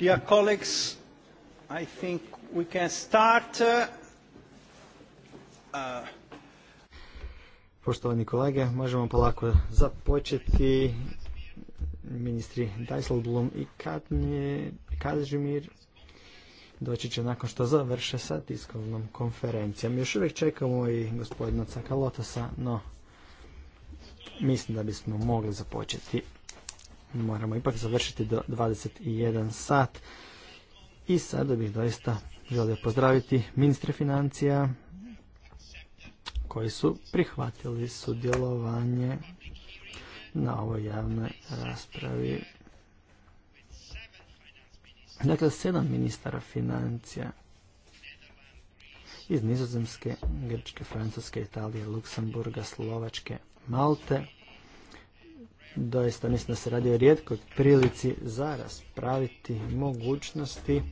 Dear colleagues, I think we can start. Uh, uh, Poštovani kolege, možemo polako započeti. Ministri Dijsselblom i Kazimir doći će nakon što završe sa tiskovnom konferencijom. Još uvijek čekamo i gospodina Cakalotasa, no mislim da bismo mogli započeti moramo ipak završiti do 21 sat. I sada bih doista želio pozdraviti ministre financija koji su prihvatili sudjelovanje na ovoj javnoj raspravi. Dakle, sedam ministara financija iz Nizozemske, Grčke, Francuske, Italije, Luksemburga, Slovačke, Malte, doista mislim da se radi o rijetkoj prilici za raspraviti mogućnosti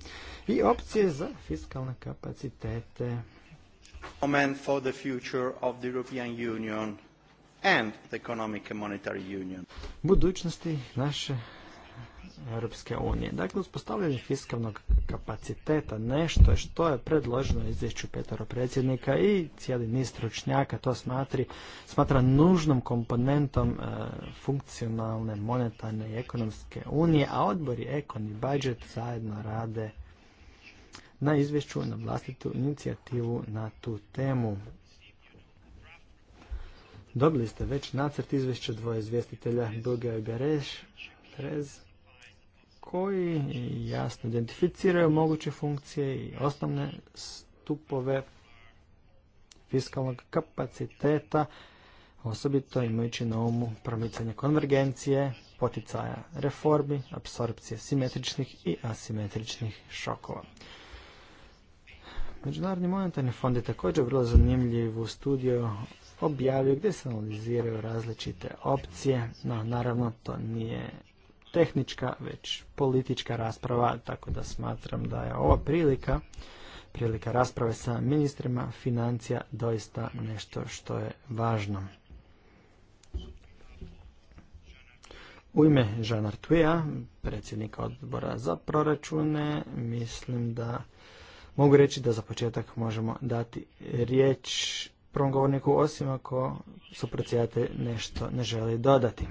i opcije za fiskalne kapacitete. Moment for the future of the European Union and the Economic and Monetary Union. Budućnosti naše Europske unije. Dakle, uspostavljanje fiskalnog kapaciteta nešto što je predloženo izvješću petero predsjednika i cijeli niz stručnjaka to smatri, smatra nužnom komponentom e, funkcionalne, monetarne i ekonomske unije, a odbori Ekon i Budget zajedno rade na izvješću na vlastitu inicijativu na tu temu. Dobili ste već nacrt izvješća dvoje izvjestitelja Bugaj i Bereš, koji jasno identificiraju moguće funkcije i osnovne stupove fiskalnog kapaciteta, osobito imajući na umu promicanje konvergencije, poticaja reformi, apsorpcije simetričnih i asimetričnih šokova. Međunarodni monetarni fond je također vrlo u studiju objavio gdje se analiziraju različite opcije, no naravno to nije tehnička, već politička rasprava, tako da smatram da je ova prilika, prilika rasprave sa ministrima financija doista nešto što je važno. U ime Jean Artuija, predsjednika odbora za proračune, mislim da mogu reći da za početak možemo dati riječ prvom govorniku osim ako suprocijate nešto ne želi dodati.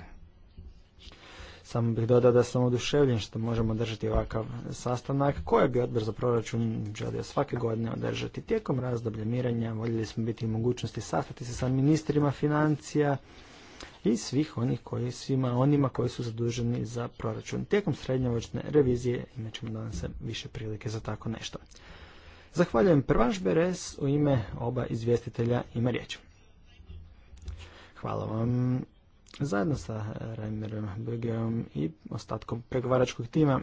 Samo bih dodao da sam oduševljen što možemo držati ovakav sastanak koje bi odbor za proračun želio svake godine održati. Tijekom razdoblja miranja voljeli smo biti u mogućnosti sastati se sa ministrima financija i svih onih koji, svima onima koji su zaduženi za proračun. Tijekom srednjevočne revizije imat ćemo danas više prilike za tako nešto. Zahvaljujem Prvanš Beres u ime oba izvjestitelja ima riječ. Hvala vam zajedno sa Reimerom Bögeom i ostatkom pregovaračkog tima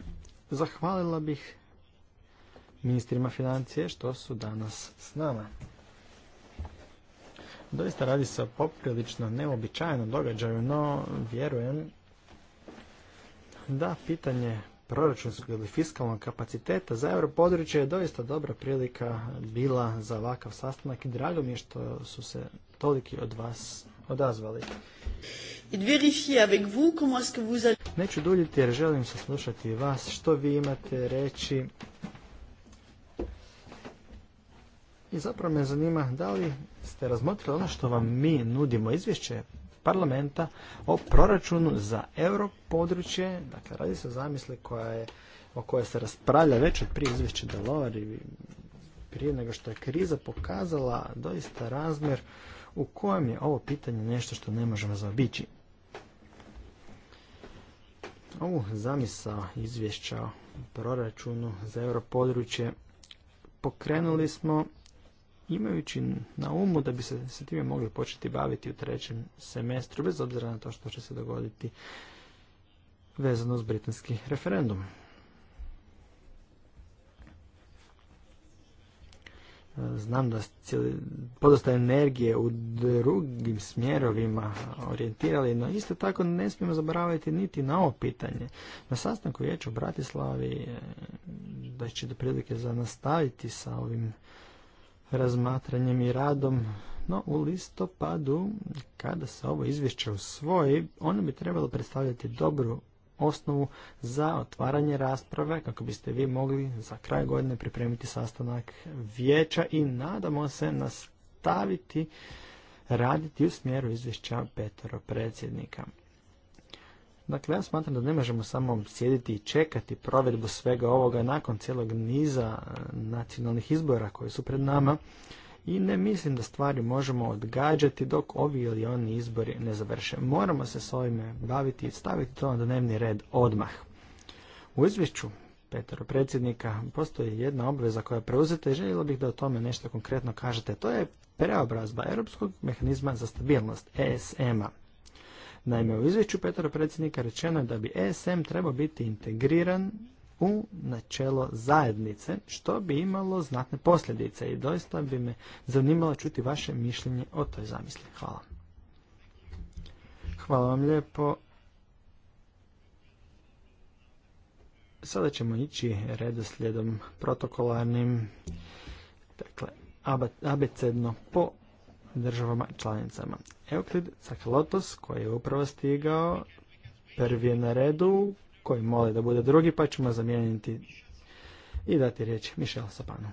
zahvalila bih ministrima financije što su danas s nama. Doista radi se o poprilično neobičajenom događaju, no vjerujem da pitanje proračunskog ili fiskalnog kapaciteta za europodručje je doista dobra prilika bila za ovakav sastanak i drago mi je što su se toliki od vas odazvali. Neću duljiti jer želim saslušati vas što vi imate reći. I zapravo me zanima da li ste razmotrili ono što vam mi nudimo izvješće parlamenta o proračunu za euro područje. Dakle, radi se o zamisli koja je, o kojoj se raspravlja već od prije izvješća i prije nego što je kriza pokazala doista razmjer u kojem je ovo pitanje nešto što ne možemo zaobići. Ovu zamisa izvješća o proračunu za europodručje pokrenuli smo imajući na umu da bi se, se time mogli početi baviti u trećem semestru, bez obzira na to što će se dogoditi vezano uz britanski referendum. Znam da ste podosta energije u drugim smjerovima orijentirali, no isto tako ne smijemo zaboraviti niti na ovo pitanje. Na sastanku je u Bratislavi e, da će do prilike za nastaviti sa ovim razmatranjem i radom, no u listopadu kada se ovo izvješće usvoji, ono bi trebalo predstavljati dobru osnovu za otvaranje rasprave kako biste vi mogli za kraj godine pripremiti sastanak vijeća i nadamo se nastaviti raditi u smjeru izvješća petero predsjednika. Dakle, ja smatram da ne možemo samo sjediti i čekati provedbu svega ovoga nakon cijelog niza nacionalnih izbora koji su pred nama i ne mislim da stvari možemo odgađati dok ovi ili oni izbori ne završe. Moramo se s ovime baviti i staviti to na dnevni red odmah. U izvješću Petra predsjednika postoji jedna obveza koja preuzete preuzeta i željelo bih da o tome nešto konkretno kažete. To je preobrazba Europskog mehanizma za stabilnost, ESM-a. Naime, u izvješću Petra predsjednika rečeno je da bi ESM trebao biti integriran u načelo zajednice, što bi imalo znatne posljedice i doista bi me zanimalo čuti vaše mišljenje o toj zamisli. Hvala. Hvala vam lijepo. Sada ćemo ići redoslijedom protokolarnim, dakle, abecedno po državama članicama. Euklid Sakalotos, koji je upravo stigao, prvi je na redu, koji mole da bude drugi, pa ćemo zamijeniti i dati riječ Mišel Sapanu.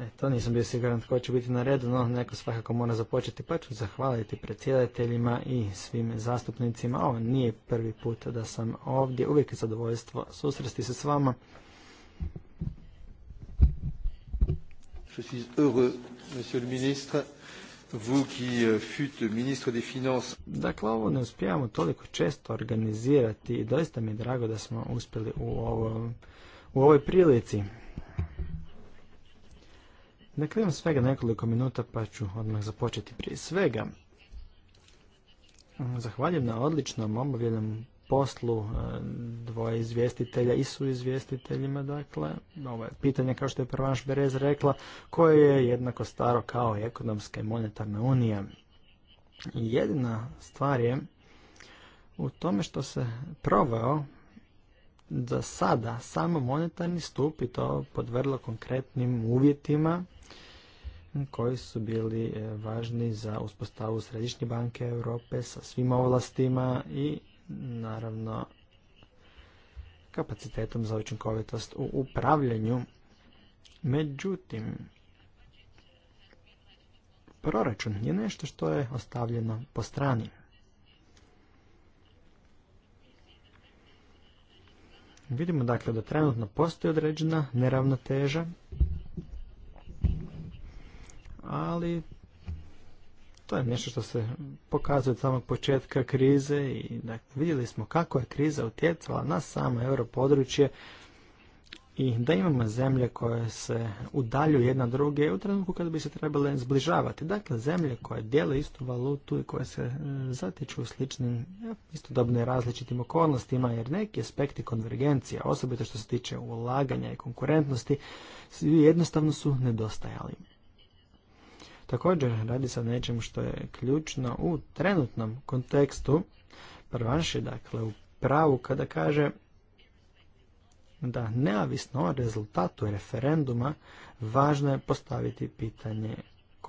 E, to nisam bio siguran tko će biti na redu, no neko svakako mora započeti, pa ću zahvaliti predsjedateljima i svim zastupnicima. Ovo nije prvi put da sam ovdje, uvijek je zadovoljstvo susresti se s vama. Je suis heureux, monsieur le ministre, vous qui euh, fûtes ministre des finances. Dakle, ovo ne uspijamo toliko često organizirati i doista mi je drago da smo uspjeli u, u ovoj prilici. Dakle, imam svega nekoliko minuta pa ću odmah započeti prije svega. Zahvaljujem na odličnom obavljenom poslu e, dvoje izvjestitelja i su izvjestiteljima, dakle, ovo je pitanje kao što je prvaš Berez rekla, koje je jednako staro kao i ekonomska i monetarna unija. Jedina stvar je u tome što se proveo za sada samo monetarni stup i to pod vrlo konkretnim uvjetima koji su bili e, važni za uspostavu Središnje banke Europe sa svim ovlastima i naravno kapacitetom za učinkovitost u upravljanju. Međutim, proračun je nešto što je ostavljeno po strani. Vidimo dakle da trenutno postoji određena neravnoteža, ali to je nešto što se pokazuje od samog početka krize i dakle, vidjeli smo kako je kriza utjecala na samo europodručje i da imamo zemlje koje se udalju jedna druge u trenutku kada bi se trebale zbližavati. Dakle, zemlje koje dijele istu valutu i koje se e, zatiču u sličnim, istodobno različitim okolnostima, jer neki aspekti konvergencija, osobito što se tiče ulaganja i konkurentnosti, jednostavno su nedostajali. Također radi se o nečem što je ključno u trenutnom kontekstu. Prvanši, dakle, u pravu kada kaže da neavisno o rezultatu referenduma važno je postaviti pitanje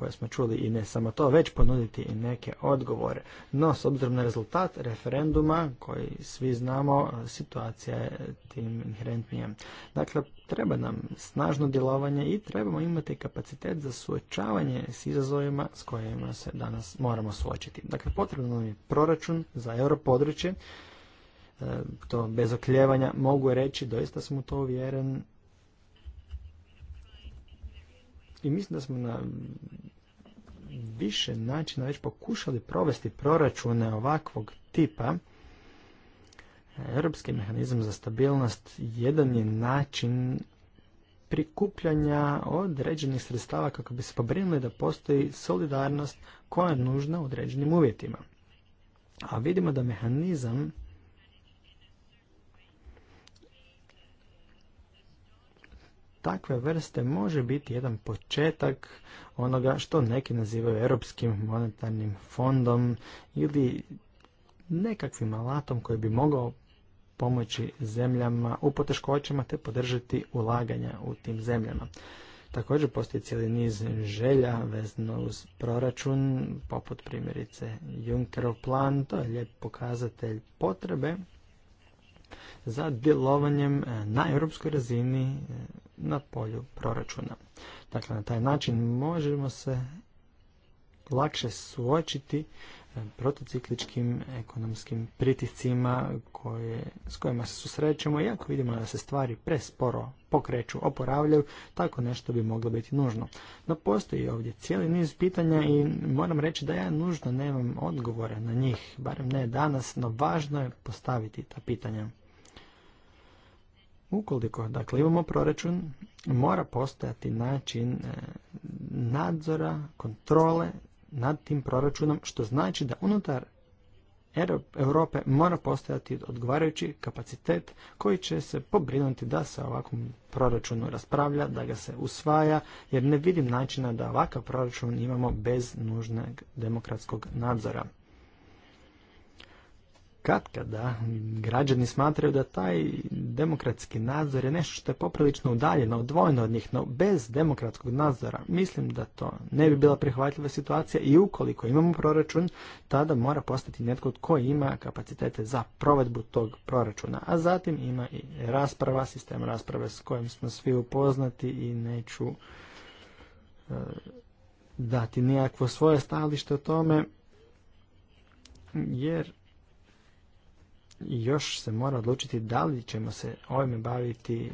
koje smo čuli i ne samo to, već ponuditi i neke odgovore. No, s obzirom na rezultat referenduma, koji svi znamo, situacija je tim inherentnija. Dakle, treba nam snažno djelovanje i trebamo imati kapacitet za suočavanje s izazovima s kojima se danas moramo suočiti. Dakle, potrebno je proračun za europodručje, e, to bez okljevanja mogu reći, doista sam u to uvjeren, i mislim da smo na više načina već pokušali provesti proračune ovakvog tipa. Europski mehanizam za stabilnost jedan je način prikupljanja određenih sredstava kako bi se pobrinuli da postoji solidarnost koja je nužna u određenim uvjetima. A vidimo da mehanizam takve vrste može biti jedan početak onoga što neki nazivaju Europskim monetarnim fondom ili nekakvim alatom koji bi mogao pomoći zemljama u poteškoćama te podržati ulaganja u tim zemljama. Također postoji cijeli niz želja vezano uz proračun, poput primjerice Junckerov plan, to je lijep pokazatelj potrebe za djelovanjem e, na europskoj razini e, na polju proračuna. Dakle, na taj način možemo se lakše suočiti e, protocikličkim ekonomskim pritiscima koje, s kojima se susrećemo i ako vidimo da se stvari presporo pokreću, oporavljaju, tako nešto bi moglo biti nužno. No postoji ovdje cijeli niz pitanja i moram reći da ja nužno nemam odgovore na njih, barem ne danas, no važno je postaviti ta pitanja. Ukoliko dakle, imamo proračun, mora postojati način e, nadzora, kontrole nad tim proračunom, što znači da unutar Europe mora postojati odgovarajući kapacitet koji će se pobrinuti da se ovakvom proračunu raspravlja, da ga se usvaja, jer ne vidim načina da ovakav proračun imamo bez nužnog demokratskog nadzora kad kada građani smatraju da taj demokratski nadzor je nešto što je poprilično udaljeno, odvojeno od njih, no bez demokratskog nadzora mislim da to ne bi bila prihvatljiva situacija i ukoliko imamo proračun, tada mora postati netko tko ima kapacitete za provedbu tog proračuna, a zatim ima i rasprava, sistem rasprave s kojim smo svi upoznati i neću e, dati nijakvo svoje stajalište o tome, jer još se mora odlučiti da li ćemo se ovime baviti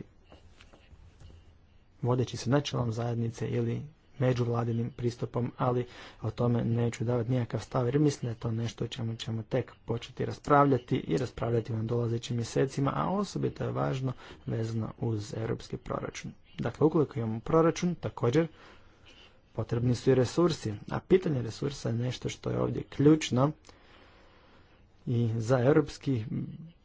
vodeći se načelom zajednice ili međuvladinim pristupom, ali o tome neću davati nijakav stav jer mislim da je to nešto o čemu ćemo tek početi raspravljati i raspravljati vam dolazećim mjesecima, a osobito je važno vezano uz europski proračun. Dakle, ukoliko imamo proračun, također potrebni su i resursi, a pitanje resursa je nešto što je ovdje ključno i za europski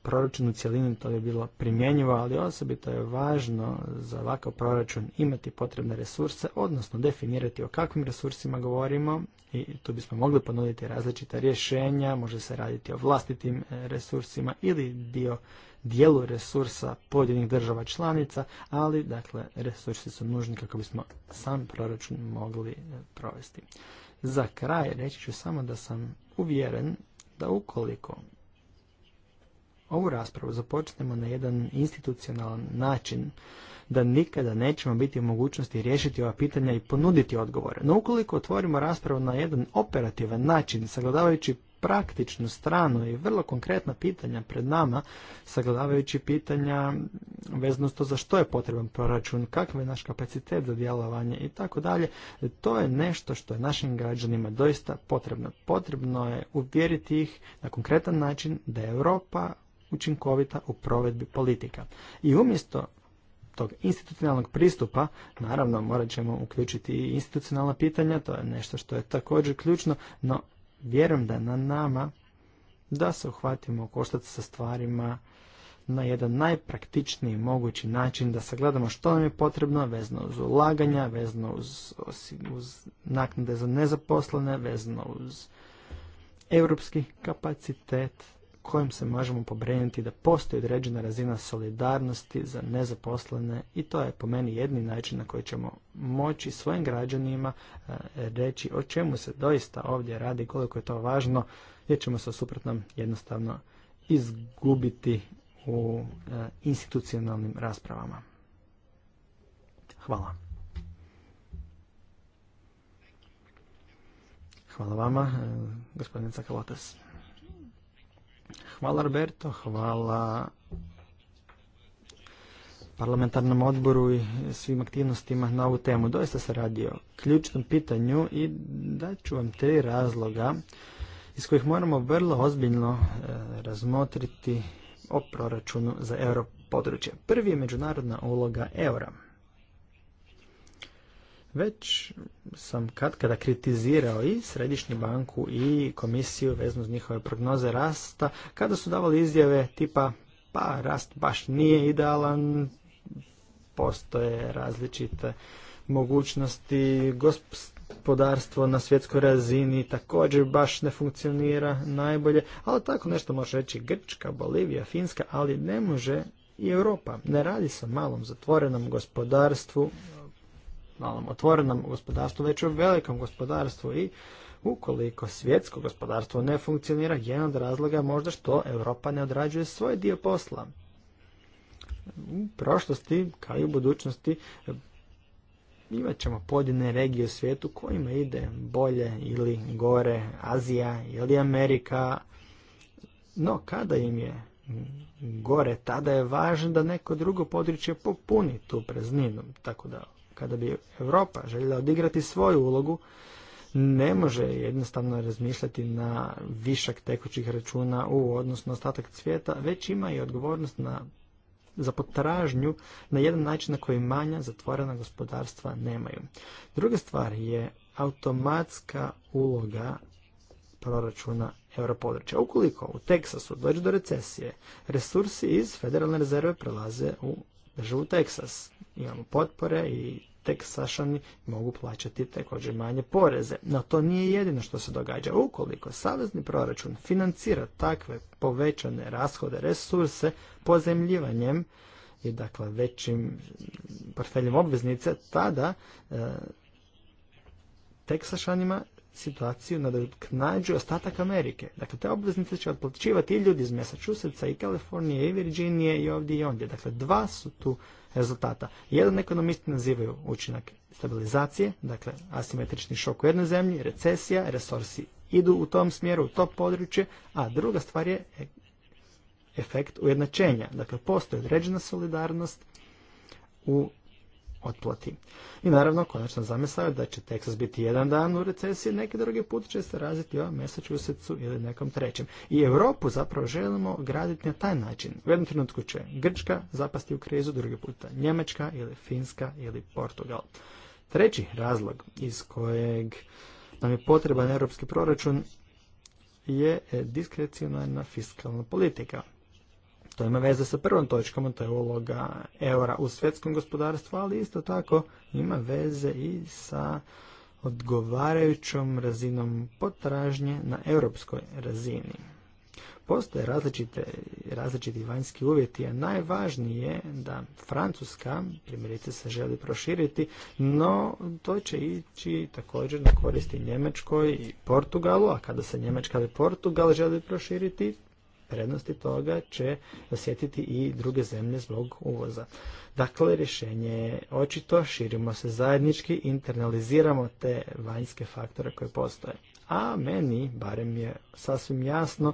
proračun u cjelini to bi bilo primjenjivo, ali osobito je važno za ovakav proračun imati potrebne resurse, odnosno definirati o kakvim resursima govorimo i tu bismo mogli ponuditi različita rješenja, može se raditi o vlastitim e, resursima ili dio dijelu resursa pojedinih država članica, ali dakle resursi su nužni kako bismo sam proračun mogli e, provesti. Za kraj reći ću samo da sam uvjeren da ukoliko ovu raspravu započnemo na jedan institucionalan način, da nikada nećemo biti u mogućnosti riješiti ova pitanja i ponuditi odgovore. No ukoliko otvorimo raspravu na jedan operativan način, sagledavajući praktičnu stranu i vrlo konkretna pitanja pred nama, sagledavajući pitanja vezano to za što je potreban proračun, kakav je naš kapacitet za djelovanje i tako dalje, to je nešto što je našim građanima doista potrebno. Potrebno je uvjeriti ih na konkretan način da je Europa učinkovita u provedbi politika. I umjesto tog institucionalnog pristupa, naravno morat ćemo uključiti i institucionalna pitanja, to je nešto što je također ključno, no vjerujem da je na nama da se uhvatimo koštac sa stvarima na jedan najpraktičniji mogući način da sagledamo što nam je potrebno vezano uz ulaganja, vezano uz, uz naknade za nezaposlene, vezano uz europski kapacitet kojim se možemo pobrinuti da postoji određena razina solidarnosti za nezaposlene i to je po meni jedni način na koji ćemo moći svojim građanima e, reći o čemu se doista ovdje radi, koliko je to važno, jer ćemo se suprotnom jednostavno izgubiti u e, institucionalnim raspravama. Hvala. Hvala vama, e, gospodin Cakalotas. Hvala Alberto, hvala parlamentarnom odboru i svim aktivnostima na ovu temu. Doista se radi o ključnom pitanju i daću vam tri razloga iz kojih moramo vrlo ozbiljno e, razmotriti o proračunu za euro područje. Prvi je međunarodna uloga eura. Već sam kad kada kritizirao i Središnju banku i komisiju vezno uz njihove prognoze rasta, kada su davali izjave tipa pa rast baš nije idealan, postoje različite mogućnosti, gospodarstvo na svjetskoj razini također baš ne funkcionira najbolje, ali tako nešto može reći Grčka, Bolivija, Finska, ali ne može i Europa. Ne radi se o malom zatvorenom gospodarstvu malom otvorenom gospodarstvu, već u velikom gospodarstvu i ukoliko svjetsko gospodarstvo ne funkcionira, jedan od razloga je možda što Europa ne odrađuje svoj dio posla. U prošlosti, kao i u budućnosti, imat ćemo pojedine regije u svijetu kojima ide bolje ili gore, Azija ili Amerika, no kada im je gore, tada je važno da neko drugo područje popuni tu prezninu. Tako da kada bi Europa željela odigrati svoju ulogu, ne može jednostavno razmišljati na višak tekućih računa u odnosu na ostatak svijeta, već ima i odgovornost na, za potražnju na jedan način na koji manja zatvorena gospodarstva nemaju. Druga stvar je automatska uloga proračuna europodručja. Ukoliko u Teksasu dođe do recesije, resursi iz federalne rezerve prelaze u drže u Teksas. Imamo potpore i Teksašani mogu plaćati također manje poreze. No to nije jedino što se događa. Ukoliko savezni proračun financira takve povećane rashode resurse pozemljivanjem i dakle većim portfeljem obveznice, tada e, Teksašanima situaciju nadoknađuju ostatak Amerike. Dakle, te obveznice će otplaćivati i ljudi iz Massachusettsa i Kalifornije i Virginije i ovdje i ondje. Dakle, dva su tu rezultata. Jedan ekonomisti nazivaju učinak stabilizacije, dakle asimetrični šok u jednoj zemlji, recesija, resursi idu u tom smjeru, u to područje, a druga stvar je e, efekt ujednačenja. Dakle, postoji određena solidarnost u otplati. I naravno, konačno zamislio da će Texas biti jedan dan u recesiji, neki drugi put će se raziti o Massachusettsu ili nekom trećem. I Europu zapravo želimo graditi na taj način. U jednom trenutku će Grčka zapasti u krizu, drugi puta Njemačka ili Finska ili Portugal. Treći razlog iz kojeg nam je potreban europski proračun je diskrecionalna fiskalna politika. To ima veze sa prvom točkom, to je uloga eura u svjetskom gospodarstvu, ali isto tako ima veze i sa odgovarajućom razinom potražnje na europskoj razini. Postoje različite, različiti vanjski uvjeti, a najvažnije je da Francuska, primjerice, se želi proširiti, no to će ići također na koristi Njemačkoj i Portugalu, a kada se Njemačka ili Portugal želi proširiti, prednosti toga će osjetiti i druge zemlje zbog uvoza. Dakle, rješenje je očito, širimo se zajednički, internaliziramo te vanjske faktore koje postoje. A meni, barem je sasvim jasno,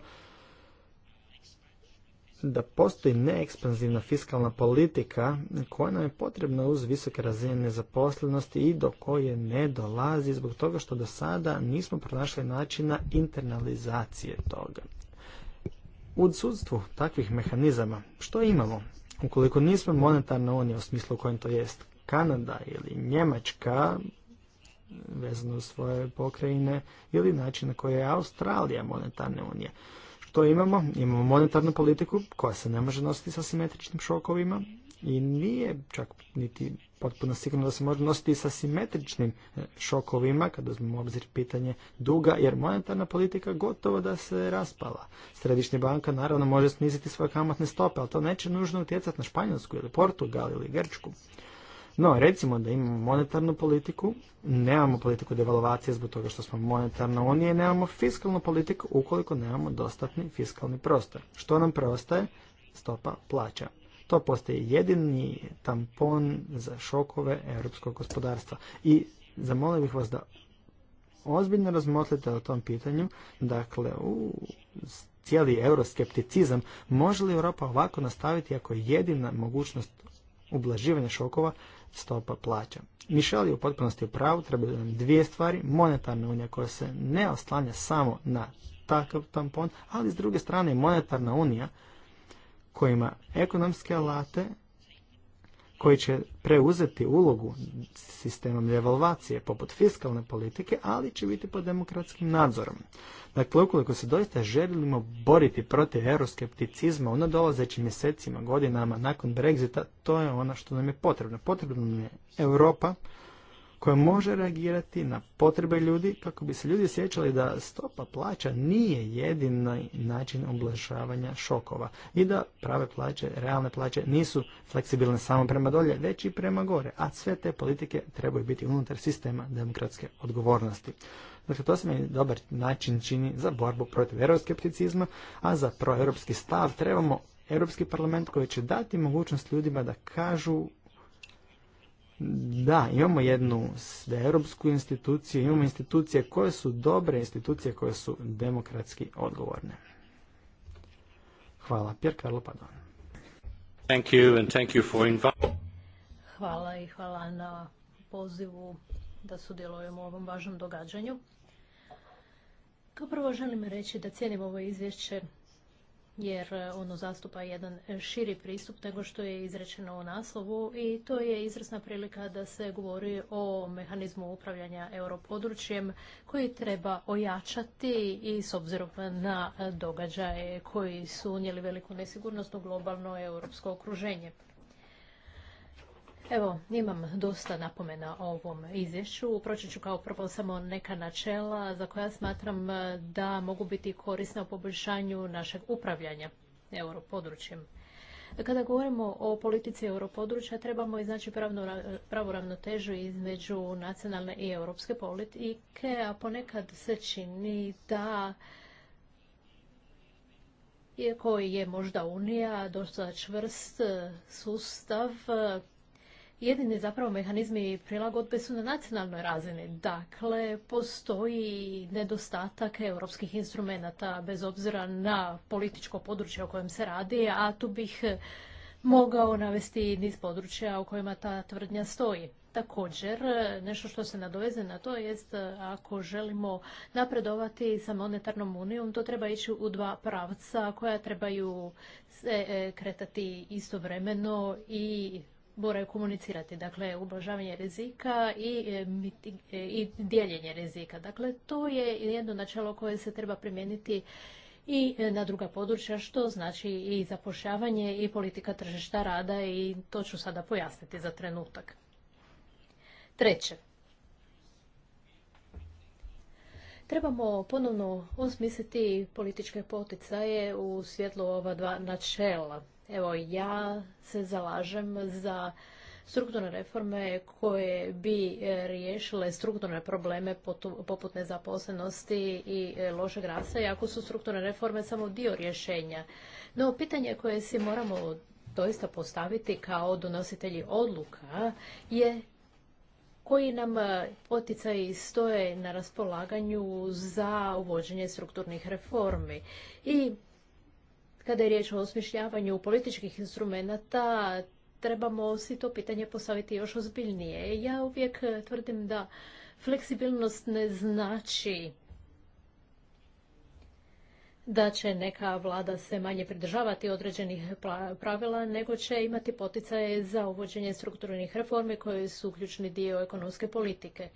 da postoji neekspanzivna fiskalna politika koja nam je potrebna uz visoke razine nezaposlenosti i do koje ne dolazi zbog toga što do sada nismo pronašli načina internalizacije toga. U odsudstvu takvih mehanizama što imamo? Ukoliko nismo monetarna unija u smislu kojem to jest Kanada ili Njemačka vezano svoje pokrajine ili način na koji je Australija monetarna unija. Što imamo? Imamo monetarnu politiku koja se ne može nositi sa simetričnim šokovima i nije čak niti potpuno sigurno da se može nositi i sa simetričnim e, šokovima, kada uzmemo obzir pitanje duga, jer monetarna politika gotovo da se raspala. Središnja banka naravno može sniziti svoje kamatne stope, ali to neće nužno utjecati na Španjolsku ili Portugal ili Grčku. No, recimo da imamo monetarnu politiku, nemamo politiku devalvacije zbog toga što smo monetarna unija i nemamo fiskalnu politiku ukoliko nemamo dostatni fiskalni prostor. Što nam preostaje? Stopa plaća. To postaje jedini tampon za šokove europskog gospodarstva. I zamolio bih vas da ozbiljno razmotlite o tom pitanju. Dakle, u cijeli euroskepticizam, može li Europa ovako nastaviti ako je jedina mogućnost ublaživanja šokova stopa plaća. Mišel je u potpunosti u pravu, trebaju nam dvije stvari, monetarna unija koja se ne oslanja samo na takav tampon, ali s druge strane monetarna unija koji ima ekonomske alate koji će preuzeti ulogu sistemom devalvacije poput fiskalne politike, ali će biti pod demokratskim nadzorom. Dakle, ukoliko se doista želimo boriti protiv euroskepticizma u nadolazećim mjesecima, godinama nakon Brexita, to je ono što nam je potrebno. Potrebna nam je Europa koje može reagirati na potrebe ljudi kako bi se ljudi sjećali da stopa plaća nije jedini način oblažavanja šokova i da prave plaće, realne plaće nisu fleksibilne samo prema dolje, već i prema gore, a sve te politike trebaju biti unutar sistema demokratske odgovornosti. Dakle, to se mi dobar način čini za borbu protiv euroskepticizma, a za proeuropski stav trebamo Europski parlament koji će dati mogućnost ljudima da kažu da, imamo jednu sveeuropsku instituciju, imamo institucije koje su dobre, institucije koje su demokratski odgovorne. Hvala. Pier Carlo Thank you and thank you for hvala i hvala na pozivu da sudjelujemo u ovom važnom događanju. Kao prvo želim reći da cijenim ovo izvješće jer e, ono zastupa jedan e, širi pristup nego što je izrečeno u naslovu i to je izvrsna prilika da se govori o mehanizmu upravljanja europodručjem koji treba ojačati i s obzirom na e, događaje koji su unijeli veliku nesigurnost u globalno europsko okruženje. Evo, imam dosta napomena o ovom izvješću. Proći ću kao prvo samo neka načela za koja smatram e, da mogu biti korisna u poboljšanju našeg upravljanja europodručjem. Kada govorimo o politici europodručja, trebamo iznaći pravu ravnotežu između nacionalne i europske politike, a ponekad se čini da iako je možda Unija dosta čvrst e, sustav jedini zapravo mehanizmi prilagodbe su na nacionalnoj razini. Dakle, postoji nedostatak europskih instrumenata bez obzira na političko područje o kojem se radi, a tu bih mogao navesti niz područja u kojima ta tvrdnja stoji. Također, nešto što se nadoveze na to jest ako želimo napredovati sa monetarnom unijom, to treba ići u dva pravca koja trebaju se e, kretati istovremeno i moraju komunicirati. Dakle, ublažavanje rizika i, e, e, i dijeljenje rizika. Dakle, to je jedno načelo koje se treba primijeniti i e, na druga područja, što znači i zapošljavanje i politika tržišta rada i to ću sada pojasniti za trenutak. Treće. Trebamo ponovno osmisliti političke poticaje u svjetlu ova dva načela. Evo, ja se zalažem za strukturne reforme koje bi e, riješile strukturne probleme poput nezaposlenosti i e, lošeg rasta, iako su strukturne reforme samo dio rješenja. No, pitanje koje si moramo doista postaviti kao donositelji odluka je koji nam e, poticaji stoje na raspolaganju za uvođenje strukturnih reformi. I kada je riječ o osmišljavanju političkih instrumenata, trebamo si to pitanje postaviti još ozbiljnije. Ja uvijek tvrdim da fleksibilnost ne znači da će neka vlada se manje pridržavati određenih pravila, nego će imati poticaje za uvođenje strukturnih reformi koje su ključni dio ekonomske politike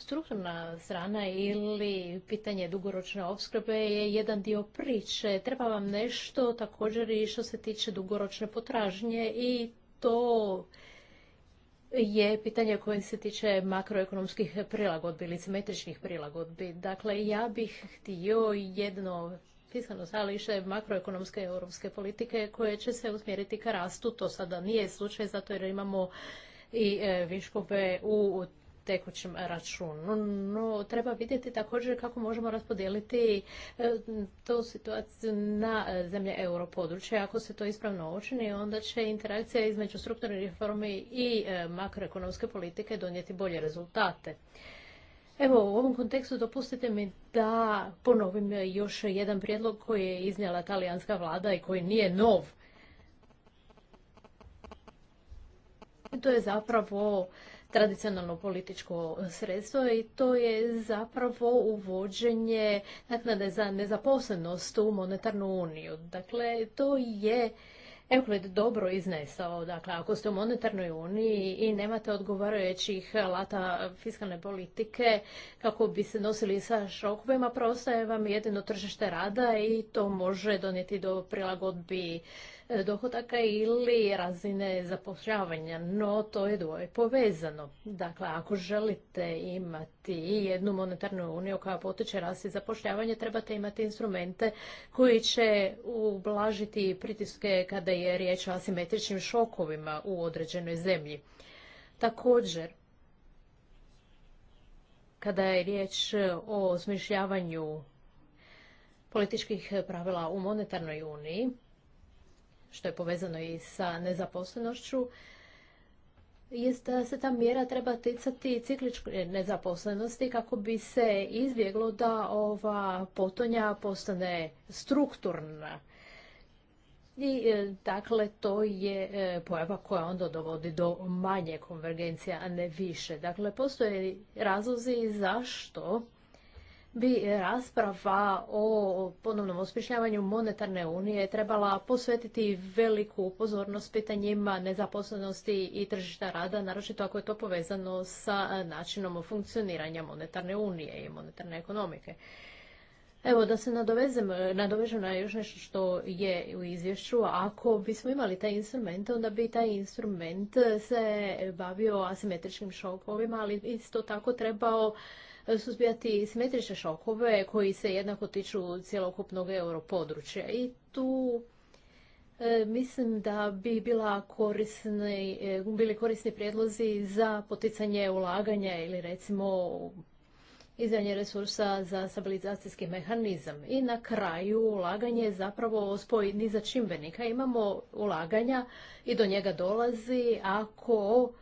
strukturna strana ili pitanje dugoročne opskrbe je jedan dio priče. Treba vam nešto također i što se tiče dugoročne potražnje i to je pitanje koje se tiče makroekonomskih prilagodbi ili simetričnih prilagodbi. Dakle, ja bih htio jedno fiskalno stajalište makroekonomske europske politike koje će se usmjeriti ka rastu. To sada nije slučaj zato jer imamo i e, viškove u tekućem računu. No, treba vidjeti također kako možemo raspodijeliti e, tu situaciju na zemlje europodručja. Ako se to ispravno učini, onda će interakcija između strukturne reformi i e, makroekonomske politike donijeti bolje rezultate. Evo, u ovom kontekstu dopustite mi da ponovim još jedan prijedlog koji je iznijela talijanska vlada i koji nije nov. To je zapravo tradicionalno političko sredstvo i to je zapravo uvođenje naknade za nezaposlenost u monetarnu uniju. Dakle, to je Euclid dobro iznesao. Dakle, ako ste u monetarnoj uniji i nemate odgovarajućih alata fiskalne politike kako bi se nosili sa šokovima, prostaje vam jedino tržište rada i to može donijeti do prilagodbi E, dohodaka ili razine zapošljavanja, no to je dvoje povezano. Dakle, ako želite imati jednu monetarnu uniju koja potiče rast i zapošljavanje, trebate imati instrumente koji će ublažiti pritiske kada je riječ o asimetričnim šokovima u određenoj zemlji. Također, kada je riječ o osmišljavanju političkih pravila u monetarnoj uniji, što je povezano i sa nezaposlenošću, jest da se ta mjera treba ticati cikličke nezaposlenosti kako bi se izbjeglo da ova potonja postane strukturna. I e, dakle, to je e, pojava koja onda dovodi do manje konvergencija, a ne više. Dakle, postoje razlozi zašto bi rasprava o ponovnom osmišljavanju monetarne unije trebala posvetiti veliku pozornost pitanjima nezaposlenosti i tržišta rada, naročito ako je to povezano sa načinom funkcioniranja monetarne unije i monetarne ekonomike. Evo, da se nadovežem na još nešto što je u izvješću. Ako bismo imali taj instrument, onda bi taj instrument se bavio asimetričnim šokovima, ali isto tako trebao E, suzbijati simetrične šokove koji se jednako tiču cjelokupnog europodručja. I tu e, mislim da bi bila e, bili korisni prijedlozi za poticanje ulaganja ili recimo izdanje resursa za stabilizacijski mehanizam. I na kraju ulaganje zapravo spoj niza čimbenika. Imamo ulaganja i do njega dolazi ako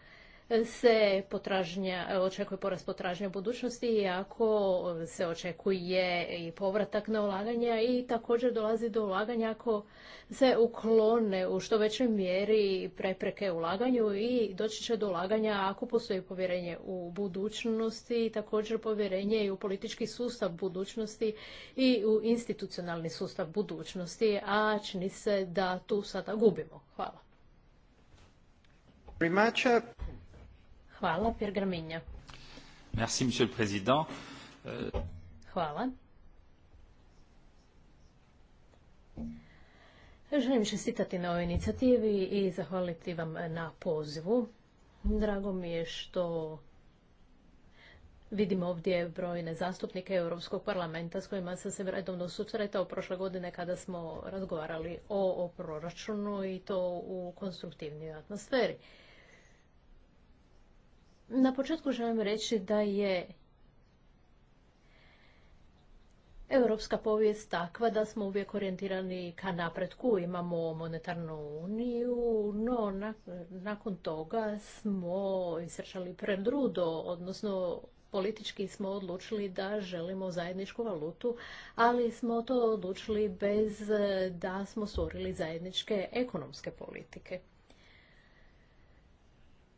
se potražnja, očekuje porast potražnje u budućnosti i ako se očekuje i povratak na ulaganja i također dolazi do ulaganja ako se uklone u što većoj mjeri prepreke ulaganju i doći će do ulaganja ako postoji povjerenje u budućnosti i također povjerenje i u politički sustav budućnosti i u institucionalni sustav budućnosti, a čini se da tu sada gubimo. Hvala. Hvala, Pjer Graminja. Merci, euh, Hvala. Želim čestitati na ovoj inicijativi i zahvaliti vam na pozivu. Drago mi je što vidim ovdje brojne zastupnike Europskog parlamenta s kojima sam se redovno susretao prošle godine kada smo razgovarali o, o proračunu i to u konstruktivnoj atmosferi. Na početku želim reći da je europska povijest takva da smo uvijek orijentirani ka napretku, imamo monetarnu uniju, no nakon toga smo isrčali predrudo, odnosno politički smo odlučili da želimo zajedničku valutu, ali smo to odlučili bez da smo stvorili zajedničke ekonomske politike.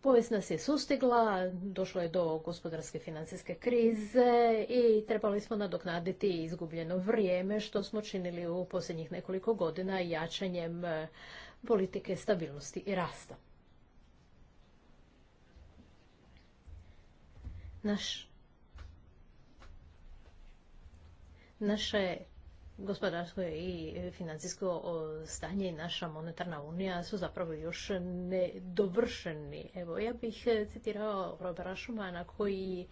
Povijest nas je sustigla, došlo je do gospodarske financijske krize i trebali smo nadoknaditi izgubljeno vrijeme što smo činili u posljednjih nekoliko godina jačanjem e, politike stabilnosti i rasta. Naš, naše gospodarsko i financijsko stanje i naša monetarna unija su zapravo još nedovršeni. Evo, ja bih e, citirao Robera Šumana koji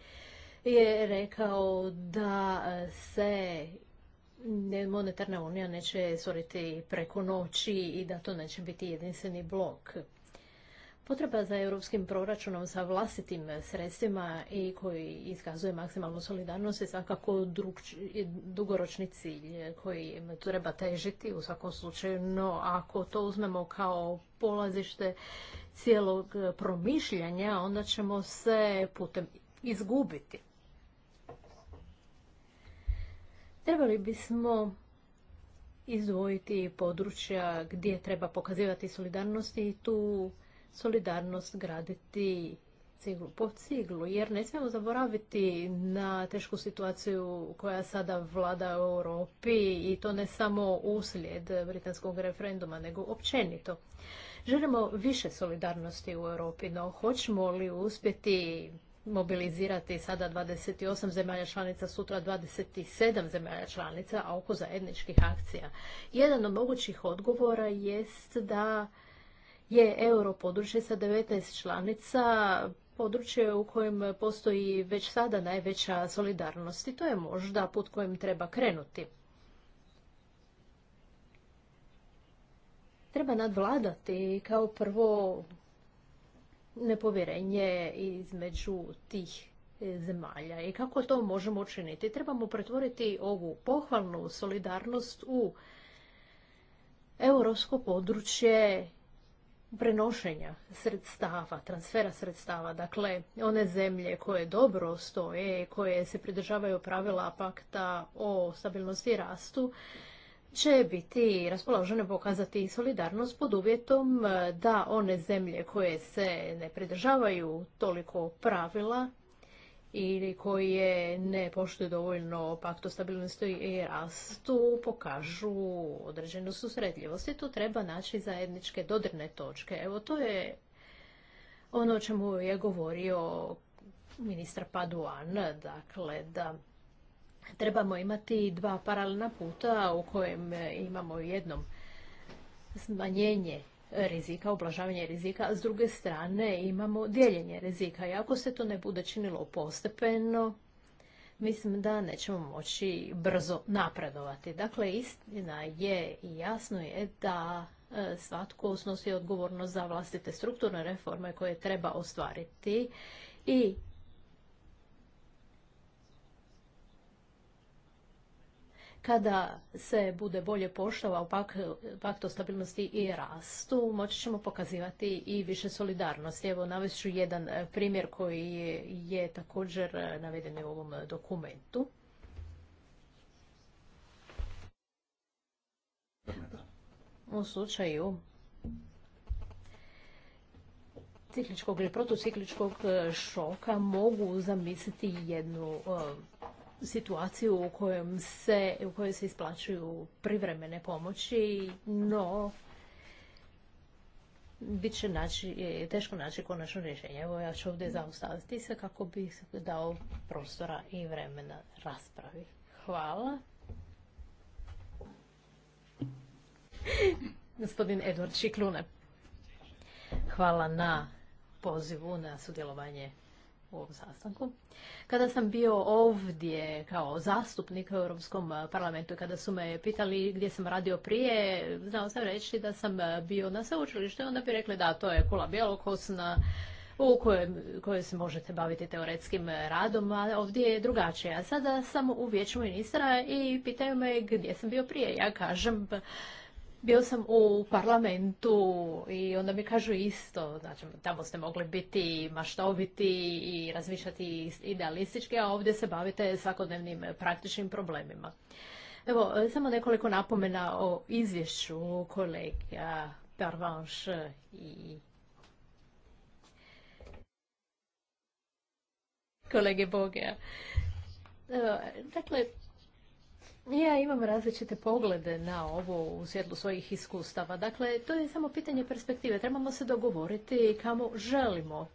je rekao da se monetarna unija neće stvoriti preko noći i da to neće biti jedinstveni blok. Potreba za europskim proračunom sa vlastitim sredstvima i koji iskazuje maksimalnu solidarnost je svakako dugoročni cilj koji treba težiti u svakom slučaju, no ako to uzmemo kao polazište cijelog promišljanja, onda ćemo se putem izgubiti. Trebali bismo izdvojiti područja gdje treba pokazivati solidarnost i tu solidarnost graditi ciglu po ciglu, jer ne smijemo zaboraviti na tešku situaciju koja sada vlada u Europi i to ne samo uslijed britanskog referenduma, nego općenito. Želimo više solidarnosti u Europi, no hoćemo li uspjeti mobilizirati sada 28 zemalja članica, sutra 27 zemalja članica, a oko zajedničkih akcija. Jedan od mogućih odgovora jest da je euro područje sa 19 članica područje u kojem postoji već sada najveća solidarnost i to je možda put kojim treba krenuti. Treba nadvladati kao prvo nepovjerenje između tih zemalja i kako to možemo učiniti. Trebamo pretvoriti ovu pohvalnu solidarnost u europsko područje prenošenja sredstava, transfera sredstava, dakle one zemlje koje dobro stoje, koje se pridržavaju pravila pakta o stabilnosti i rastu, će biti raspoložene pokazati solidarnost pod uvjetom e, da one zemlje koje se ne pridržavaju toliko pravila ili koje ne poštuju dovoljno pakt o stabilnosti i rastu pokažu određenu susretljivost i tu treba naći zajedničke dodirne točke. Evo to je ono o čemu je govorio ministar Paduan, dakle da trebamo imati dva paralelna puta u kojem imamo jednom smanjenje rizika, oblažavanje rizika, a s druge strane imamo dijeljenje rizika. I ako se to ne bude činilo postepeno, mislim da nećemo moći brzo napredovati. Dakle, istina je i jasno je da e, svatko snosi odgovornost za vlastite strukturne reforme koje treba ostvariti i Kada se bude bolje poštovao pak, pakt o stabilnosti i rastu, moći ćemo pokazivati i više solidarnosti. Evo, navest ću jedan e, primjer koji je također e, naveden u ovom dokumentu. U slučaju cikličkog ili protucikličkog e, šoka mogu zamisliti jednu situaciju u kojoj se, u kojoj se isplaćuju privremene pomoći, no bit će naći, teško naći konačno rješenje. Evo ja ću ovdje zaustaviti se kako bi dao prostora i vremena raspravi. Hvala. Gospodin Edward Šiklune. Hvala na pozivu na sudjelovanje u ovom sastanku. Kada sam bio ovdje kao zastupnik u Europskom parlamentu i kada su me pitali gdje sam radio prije, znao sam reći da sam bio na sveučilištu i onda bi rekli da to je Kula Bjelokosna u kojoj, se možete baviti teoretskim radom, a ovdje je drugačije. A sada sam u vijeću ministra i pitaju me gdje sam bio prije. Ja kažem bio sam u parlamentu i onda mi kažu isto, znači tamo ste mogli biti maštoviti i razmišljati idealistički, a ovdje se bavite svakodnevnim praktičnim problemima. Evo, samo nekoliko napomena o izvješću kolega Pervanš i kolege Boge. Dakle, ja imam različite poglede na ovo u svjetlu svojih iskustava. Dakle, to je samo pitanje perspektive. Trebamo se dogovoriti kamo želimo.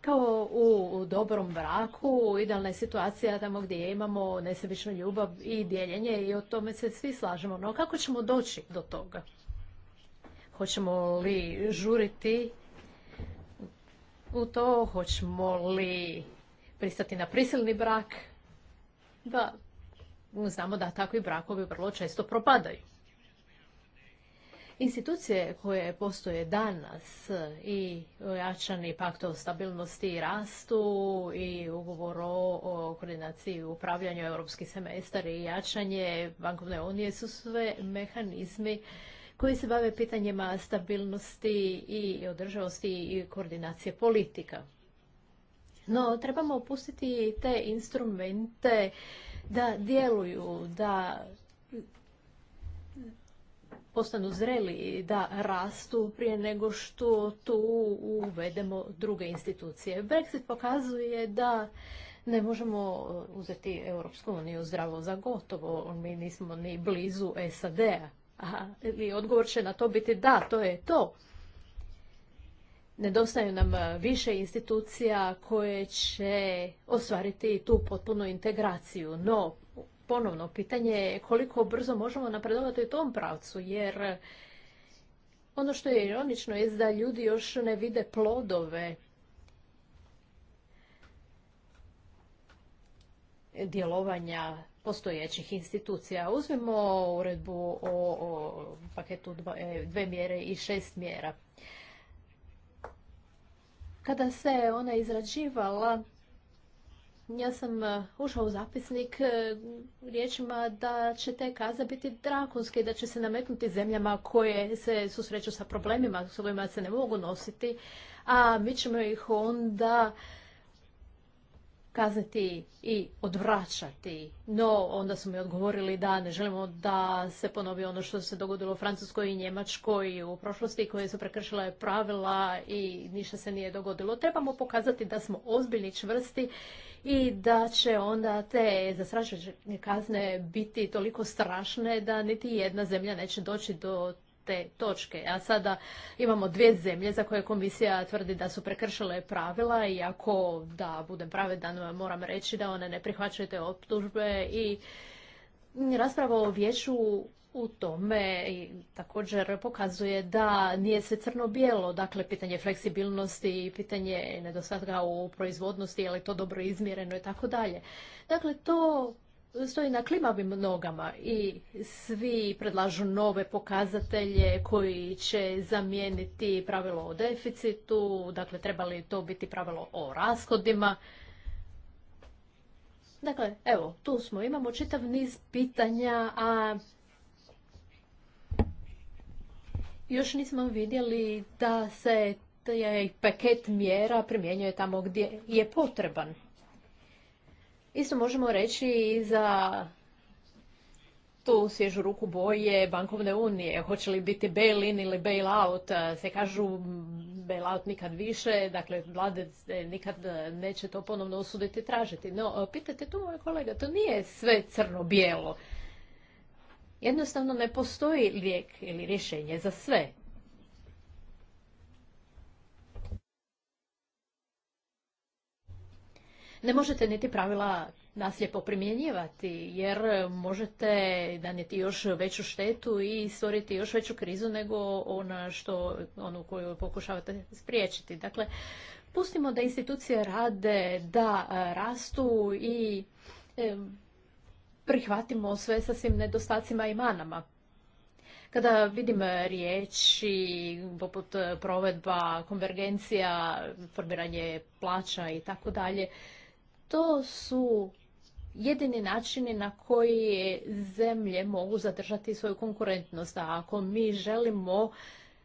Kao u dobrom braku, idealna je situacija tamo gdje imamo nesebičnu ljubav i dijeljenje i o tome se svi slažemo. No kako ćemo doći do toga? Hoćemo li žuriti u to? Hoćemo li pristati na prisilni brak? Da, znamo da takvi brakovi vrlo često propadaju. Institucije koje postoje danas i ojačani pakt o stabilnosti i rastu i ugovor o koordinaciji i upravljanju europski semestar i jačanje bankovne unije su sve mehanizmi koji se bave pitanjima stabilnosti i održavosti i koordinacije politika. No, trebamo opustiti te instrumente da djeluju, da postanu zreli i da rastu prije nego što tu uvedemo druge institucije. Brexit pokazuje da ne možemo uzeti Europsku uniju zdravo za gotovo. Mi nismo ni blizu SAD-a. Ali odgovor će na to biti da, to je to. Nedostaju nam e, više institucija koje će ostvariti tu potpunu integraciju. No, ponovno, pitanje je koliko brzo možemo napredovati u tom pravcu, jer ono što je ironično je da ljudi još ne vide plodove djelovanja postojećih institucija. Uzmimo uredbu o, paketu e, dve mjere i šest mjera. Kada se ona izrađivala, ja sam e, ušao u zapisnik e, riječima da će te kaze biti drakonske i da će se nametnuti zemljama koje se susreću sa problemima s kojima se ne mogu nositi, a mi ćemo ih onda kazniti i odvraćati. No, onda su mi odgovorili da ne želimo da se ponovi ono što se dogodilo u Francuskoj i Njemačkoj u prošlosti koje su prekršile pravila i ništa se nije dogodilo. Trebamo pokazati da smo ozbiljni, čvrsti i da će onda te zastrašujuće kazne biti toliko strašne da niti jedna zemlja neće doći do te točke. A sada imamo dvije zemlje za koje komisija tvrdi da su prekršile pravila i ako da budem pravedan moram reći da one ne prihvaćaju te optužbe i rasprava o vijeću u tome i također pokazuje da nije sve crno-bijelo, dakle pitanje fleksibilnosti i pitanje nedostatka u proizvodnosti, je li to dobro izmjereno i tako dalje. Dakle, to stoji na klimavim nogama i svi predlažu nove pokazatelje koji će zamijeniti pravilo o deficitu, dakle treba li to biti pravilo o rashodima. Dakle, evo, tu smo, imamo čitav niz pitanja, a još nismo vidjeli da se taj paket mjera primjenjuje tamo gdje je potreban. Isto možemo reći i za tu svježu ruku boje bankovne unije. Hoće li biti bail-in ili bail-out? Se kažu bail-out nikad više, dakle vlade nikad neće to ponovno osuditi i tražiti. No, pitajte tu moj kolega, to nije sve crno-bijelo. Jednostavno ne postoji lijek ili rješenje za sve. ne možete niti pravila naslijepo primjenjivati, jer možete neti još veću štetu i stvoriti još veću krizu nego ona što, onu koju pokušavate spriječiti. Dakle, pustimo da institucije rade, da e, rastu i e, prihvatimo sve sa svim nedostacima i manama. Kada vidim riječi poput e, provedba, konvergencija, formiranje plaća i tako dalje, to su jedini načini na koji zemlje mogu zadržati svoju konkurentnost. A ako mi želimo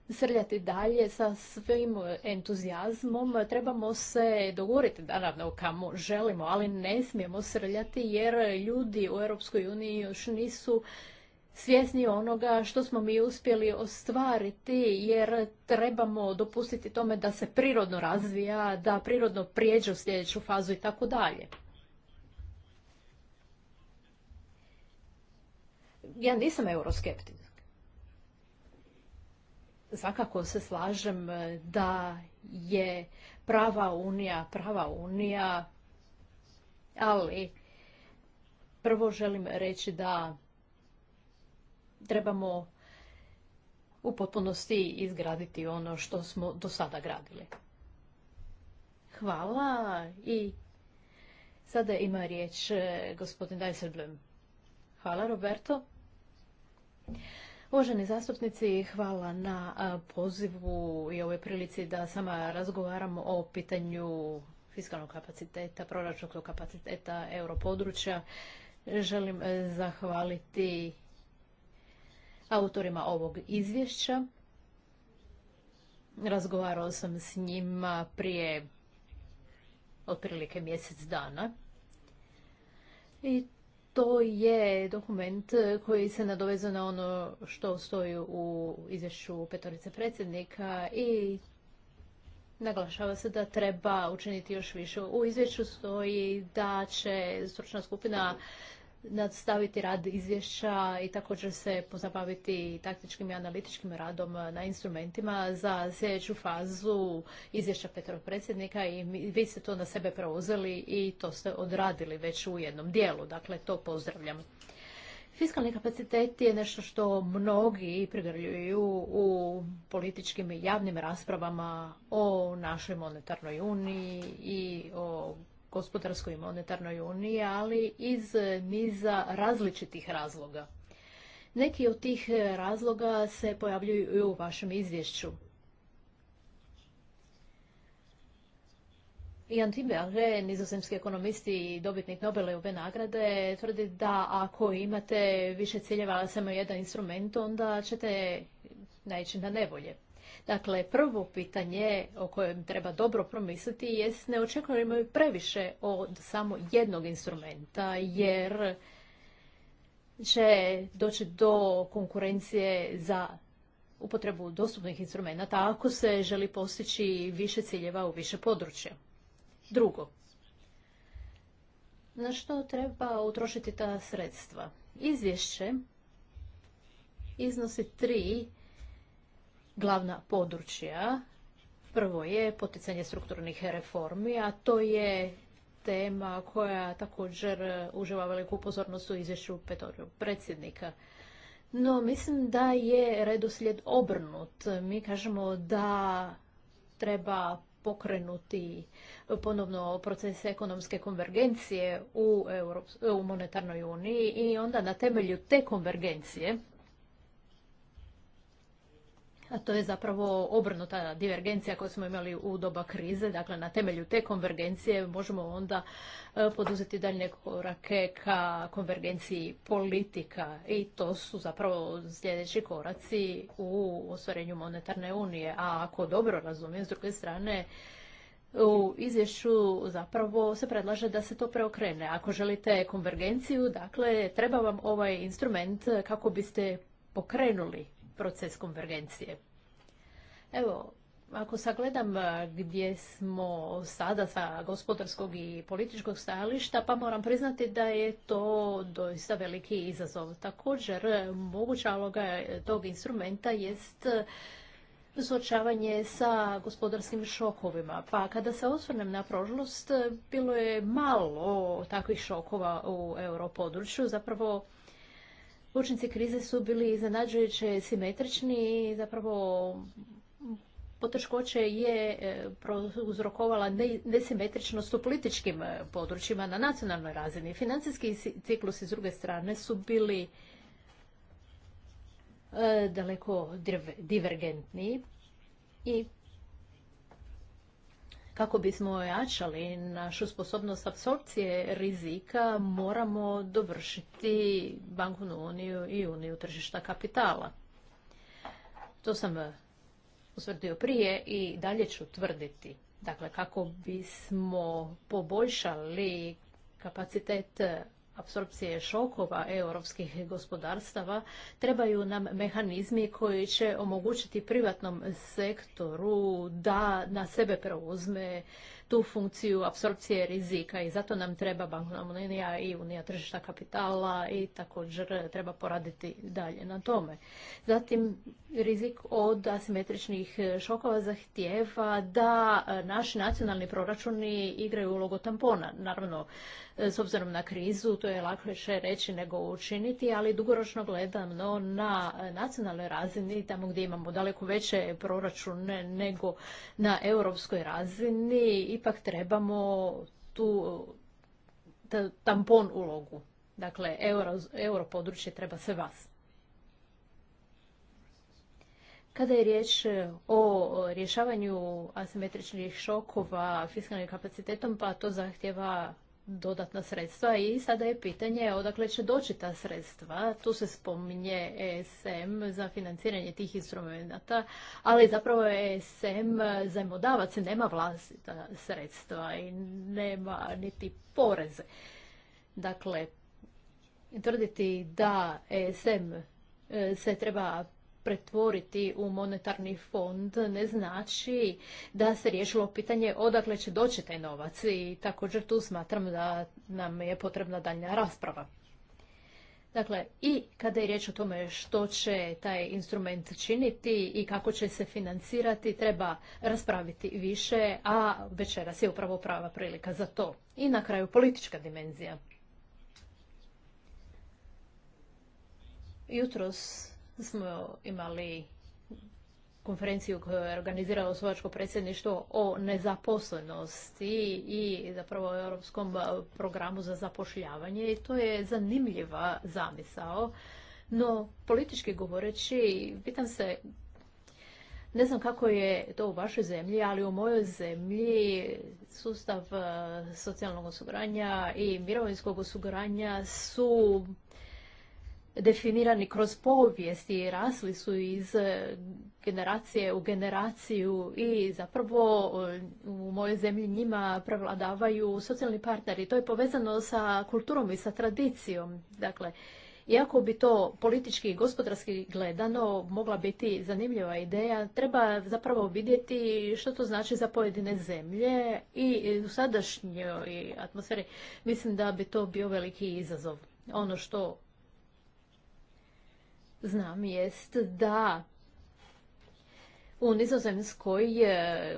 srljati dalje sa svim entuzijazmom, trebamo se dogovoriti naravno kamo želimo, ali ne smijemo srljati jer ljudi u Europskoj uniji još nisu svjesni onoga što smo mi uspjeli ostvariti jer trebamo dopustiti tome da se prirodno razvija, da prirodno prijeđe u sljedeću fazu i tako dalje. Ja nisam euroskeptik. Svakako se slažem da je prava unija, prava unija, ali prvo želim reći da trebamo u potpunosti izgraditi ono što smo do sada gradili. Hvala i sada ima riječ e, gospodin Dijsselblom. Hvala Roberto. Uvaženi zastupnici, hvala na e, pozivu i ovoj prilici da sama razgovaramo o pitanju fiskalnog kapaciteta, proračunskog kapaciteta europodručja. Želim e, zahvaliti autorima ovog izvješća. Razgovarao sam s njima prije otprilike mjesec dana. I to je dokument koji se nadovezuje na ono što stoji u izvješću petorice predsjednika i Naglašava se da treba učiniti još više. U izvješću stoji da će stručna skupina nastaviti rad izvješća i također se pozabaviti taktičkim i analitičkim radom na instrumentima za sljedeću fazu izvješća Petrov predsjednika i vi ste to na sebe preuzeli i to ste odradili već u jednom dijelu. Dakle, to pozdravljam. Fiskalni kapacitet je nešto što mnogi prigrljuju u političkim i javnim raspravama o našoj monetarnoj uniji i o gospodarskoj i monetarnoj uniji, ali iz niza različitih razloga. Neki od tih razloga se pojavljuju i u vašem izvješću. Ian Timberge, nizozemski ekonomisti i dobitnik Nobelove nagrade, tvrdi da ako imate više ciljeva, samo jedan instrument, onda ćete naići na nevolje. Dakle, prvo pitanje o kojem treba dobro promisliti je ne očekujemo previše od samo jednog instrumenta, jer će doći do konkurencije za upotrebu dostupnih instrumenta ako se želi postići više ciljeva u više područja. Drugo, na što treba utrošiti ta sredstva? Izvješće iznosi tri glavna područja. Prvo je poticanje strukturnih reformi, a to je tema koja također uživa veliku pozornost u izvješću petorju predsjednika. No, mislim da je redoslijed obrnut. Mi kažemo da treba pokrenuti ponovno proces ekonomske konvergencije u, u monetarnoj uniji i onda na temelju te konvergencije a to je zapravo obrnuta divergencija koju smo imali u doba krize. Dakle, na temelju te konvergencije možemo onda e, poduzeti daljne korake ka konvergenciji politika. I to su zapravo sljedeći koraci u ostvarenju monetarne unije. A ako dobro razumijem, s druge strane, u izvješću zapravo se predlaže da se to preokrene. Ako želite konvergenciju, dakle, treba vam ovaj instrument kako biste pokrenuli proces konvergencije. Evo, ako sagledam gdje smo sada sa gospodarskog i političkog stajališta, pa moram priznati da je to doista veliki izazov. Također, moguća aloga e, tog instrumenta jest e, suočavanje sa gospodarskim šokovima. Pa kada se osvrnem na prošlost, e, bilo je malo takvih šokova u europodručju. Zapravo, učinci krize su bili iznenađujuće simetrični i zapravo poteškoće je e, uzrokovala nesimetričnost u političkim e, područjima na nacionalnoj razini. Financijski ciklusi s druge strane su bili e, daleko divergentniji i kako bismo ojačali našu sposobnost apsorpcije rizika, moramo dovršiti bankovnu uniju i uniju tržišta kapitala. To sam eh, usvrdio prije i dalje ću tvrditi. Dakle, kako bismo poboljšali kapacitet apsorpcije šokova europskih gospodarstava trebaju nam mehanizmi koji će omogućiti privatnom sektoru da na sebe preuzme tu funkciju apsorpcije rizika i zato nam treba bankovna unija i unija tržišta kapitala i također treba poraditi dalje na tome. Zatim rizik od asimetričnih šokova zahtjeva da naši nacionalni proračuni igraju ulogu tampona. Naravno, E, s obzirom na krizu, to je lakše reći nego učiniti, ali dugoročno gledano na nacionalnoj razini, tamo gdje imamo daleko veće proračune nego na europskoj razini, ipak trebamo tu tampon ulogu. Dakle, euro, područje treba se vas. Kada je riječ o rješavanju asimetričnih šokova fiskalnim kapacitetom, pa to zahtjeva dodatna sredstva i sada je pitanje odakle će doći ta sredstva. Tu se spominje ESM za financiranje tih instrumenta, ali zapravo ESM zajmodavac nema vlastita sredstva i nema niti poreze. Dakle, tvrditi da ESM se treba pretvoriti u monetarni fond ne znači da se riješilo pitanje odakle će doći taj novac i također tu smatram da nam je potrebna daljnja rasprava. Dakle, i kada je riječ o tome što će taj instrument činiti i kako će se financirati, treba raspraviti više, a večeras je upravo prava prilika za to. I na kraju politička dimenzija. Jutros smo imali konferenciju koju je organiziralo Slovačko predsjedništvo o nezaposlenosti i zapravo europskom programu za zapošljavanje i to je zanimljiva zamisao. No, politički govoreći, pitam se, ne znam kako je to u vašoj zemlji, ali u mojoj zemlji sustav socijalnog osiguranja i mirovinskog osiguranja su definirani kroz povijest i rasli su iz e, generacije u generaciju i zapravo e, u mojoj zemlji njima prevladavaju socijalni partneri. To je povezano sa kulturom i sa tradicijom. Dakle, iako bi to politički i gospodarski gledano mogla biti zanimljiva ideja, treba zapravo vidjeti što to znači za pojedine zemlje i u sadašnjoj atmosferi mislim da bi to bio veliki izazov. Ono što znam jest da u Nizozemskoj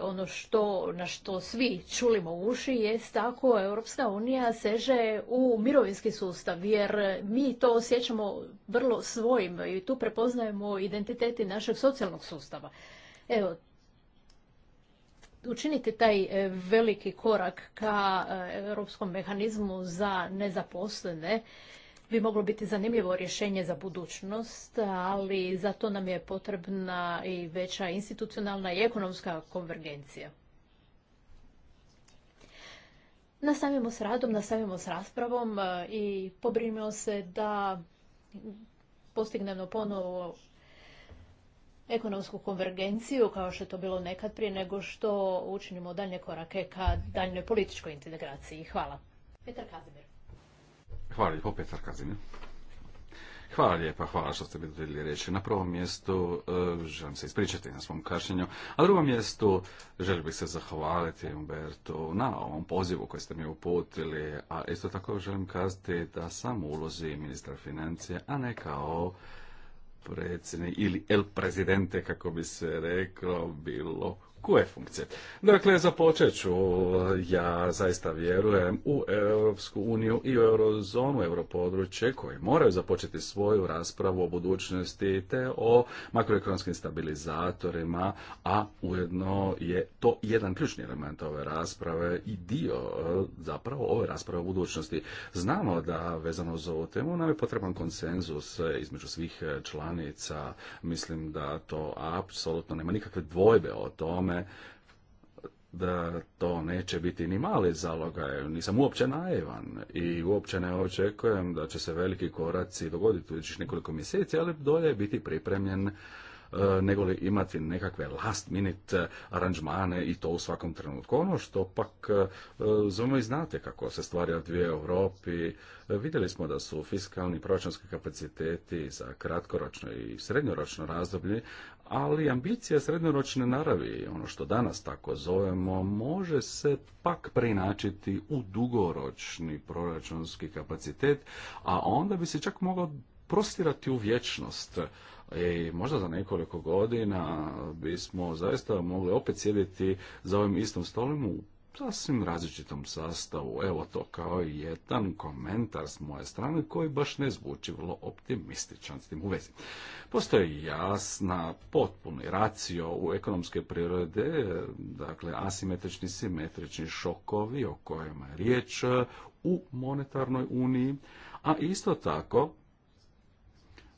ono što, na što svi čulimo u uši je tako Europska unija seže u mirovinski sustav jer mi to osjećamo vrlo svojim i tu prepoznajemo identiteti našeg socijalnog sustava. Evo, učinite taj e, veliki korak ka e, europskom mehanizmu za nezaposlene bi moglo biti zanimljivo rješenje za budućnost, ali za to nam je potrebna i veća institucionalna i ekonomska konvergencija. Nastavimo s radom, nastavimo s raspravom e, i pobrinimo se da postignemo ponovo ekonomsku konvergenciju, kao što je to bilo nekad prije, nego što učinimo dalje korake ka daljnoj političkoj integraciji. Hvala. Petar Kazimir. Hvala lijepo, Petar Kazin. Hvala lijepa, hvala što ste bili reći. Na prvom mjestu e, želim se ispričati na svom kašnjenju, a na drugom mjestu želim bih se zahvaliti Umbertu na ovom pozivu koji ste mi uputili, a isto tako želim kazati da sam ulozi ministra financije, a ne kao predsjednik ili el prezidente, kako bi se reklo, bilo koje funkcije. Dakle, započet ću. Ja zaista vjerujem u Europsku uniju i u eurozonu, europodručje koji moraju započeti svoju raspravu o budućnosti te o makroekonomskim stabilizatorima, a ujedno je to jedan ključni element ove rasprave i dio zapravo ove rasprave o budućnosti. Znamo da vezano za ovu temu nam je potreban konsenzus između svih članica. Mislim da to apsolutno nema nikakve dvojbe o tome da to neće biti ni mali zalogaj. Nisam uopće naivan i uopće ne očekujem da će se veliki koraci dogoditi u nekoliko mjeseci, ali dolje biti pripremljen e, nego li imati nekakve last minute e, aranžmane i to u svakom trenutku. Ono što pak e, zovemo i znate kako se stvari odvije u Europi, vidjeli smo da su fiskalni proračunski kapaciteti za kratkoročno i srednjoročno razdoblje ali ambicija srednjoročne naravi, ono što danas tako zovemo, može se pak preinačiti u dugoročni proračunski kapacitet, a onda bi se čak mogao prostirati u vječnost. I e, možda za nekoliko godina bismo zaista mogli opet sjediti za ovim istom stolom u sasvim različitom sastavu. Evo to kao jedan komentar s moje strane koji baš ne zvuči vrlo optimističan s tim u vezi. Postoji jasna, potpuni racio u ekonomske prirode, dakle asimetrični, simetrični šokovi o kojima je riječ u monetarnoj uniji, a isto tako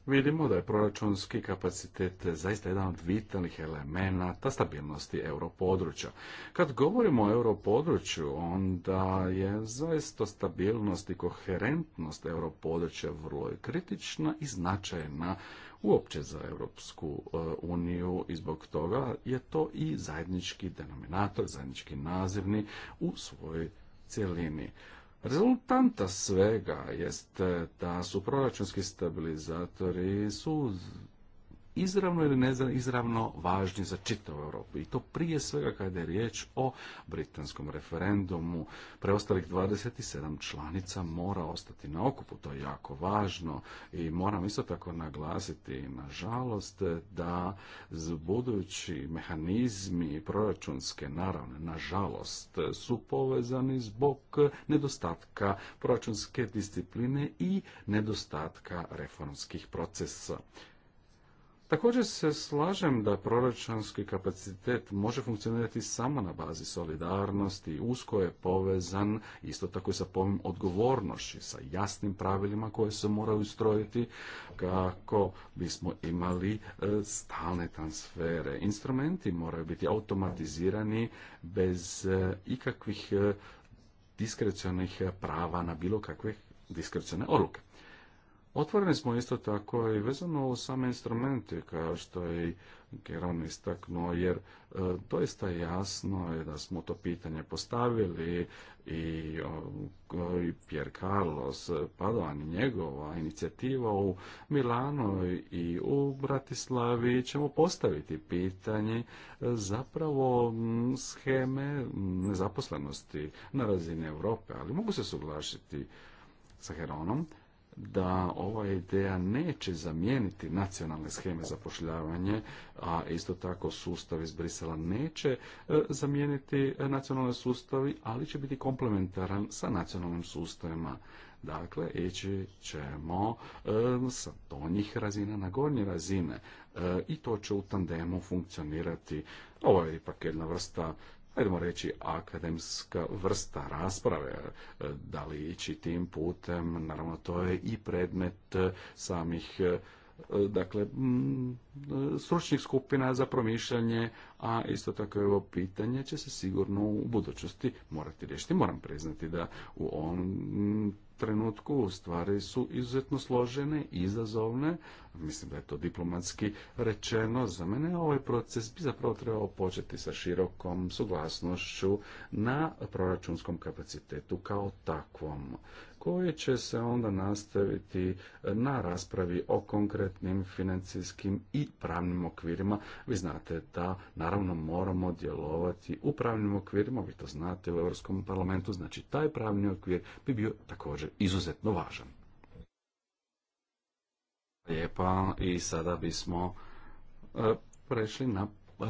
vidimo da je proračunski kapacitet zaista jedan od vitalnih elemenata stabilnosti europodručja. Kad govorimo o europodručju, onda je zaista stabilnost i koherentnost europodručja vrlo kritična i značajna uopće za Europsku e, uniju i zbog toga je to i zajednički denominator, zajednički nazivni u svojoj cjelini. Rezultanta svega jest eh, da su proračunski stabilizatori su izravno ili izravno važni za čitavu Europu. I to prije svega kada je riječ o britanskom referendumu. Preostalih 27 članica mora ostati na okupu. To je jako važno i moram isto tako naglasiti, nažalost, da budući mehanizmi proračunske naravne, nažalost, su povezani zbog nedostatka proračunske discipline i nedostatka reformskih procesa. Također se slažem da proračunski kapacitet može funkcionirati samo na bazi solidarnosti usko je povezan isto tako i sa povim odgovornošću, sa jasnim pravilima koje se moraju ustrojiti kako bismo imali e, stalne transfere. Instrumenti moraju biti automatizirani bez e, ikakvih e, diskrecionih prava na bilo kakve diskrecione odluke. Otvoreni smo isto tako i vezano u same instrumente, kao što je i Geron istaknuo, jer e, doista jasno je da smo to pitanje postavili i, i Pierre Carlos Padovan i njegova inicijativa u Milano i u Bratislavi ćemo postaviti pitanje e, zapravo scheme nezaposlenosti na razini Europe, ali mogu se suglašiti sa Heronom da ova ideja neće zamijeniti nacionalne scheme pošljavanje, a isto tako sustav iz Brisela neće e, zamijeniti nacionalne sustavi, ali će biti komplementaran sa nacionalnim sustavima. Dakle, ići ćemo e, sa donjih razina na gornje razine e, i to će u tandemu funkcionirati. Ovo je ipak jedna vrsta ajdemo reći, akademska vrsta rasprave, e, da li ići tim putem, naravno to je i predmet e, samih e, E, dakle, mm, stručnih skupina za promišljanje, a isto tako ovo pitanje će se sigurno u budućnosti morati riješiti. Moram priznati da u ovom trenutku stvari su izuzetno složene, izazovne. Mislim da je to diplomatski rečeno. Za mene ovaj proces bi zapravo trebao početi sa širokom suglasnošću na proračunskom kapacitetu kao takvom koje će se onda nastaviti na raspravi o konkretnim financijskim i pravnim okvirima. Vi znate da naravno moramo djelovati u pravnim okvirima, vi to znate u Europskom parlamentu, znači taj pravni okvir bi bio također izuzetno važan. Lijepa i sada bismo e, prešli na e,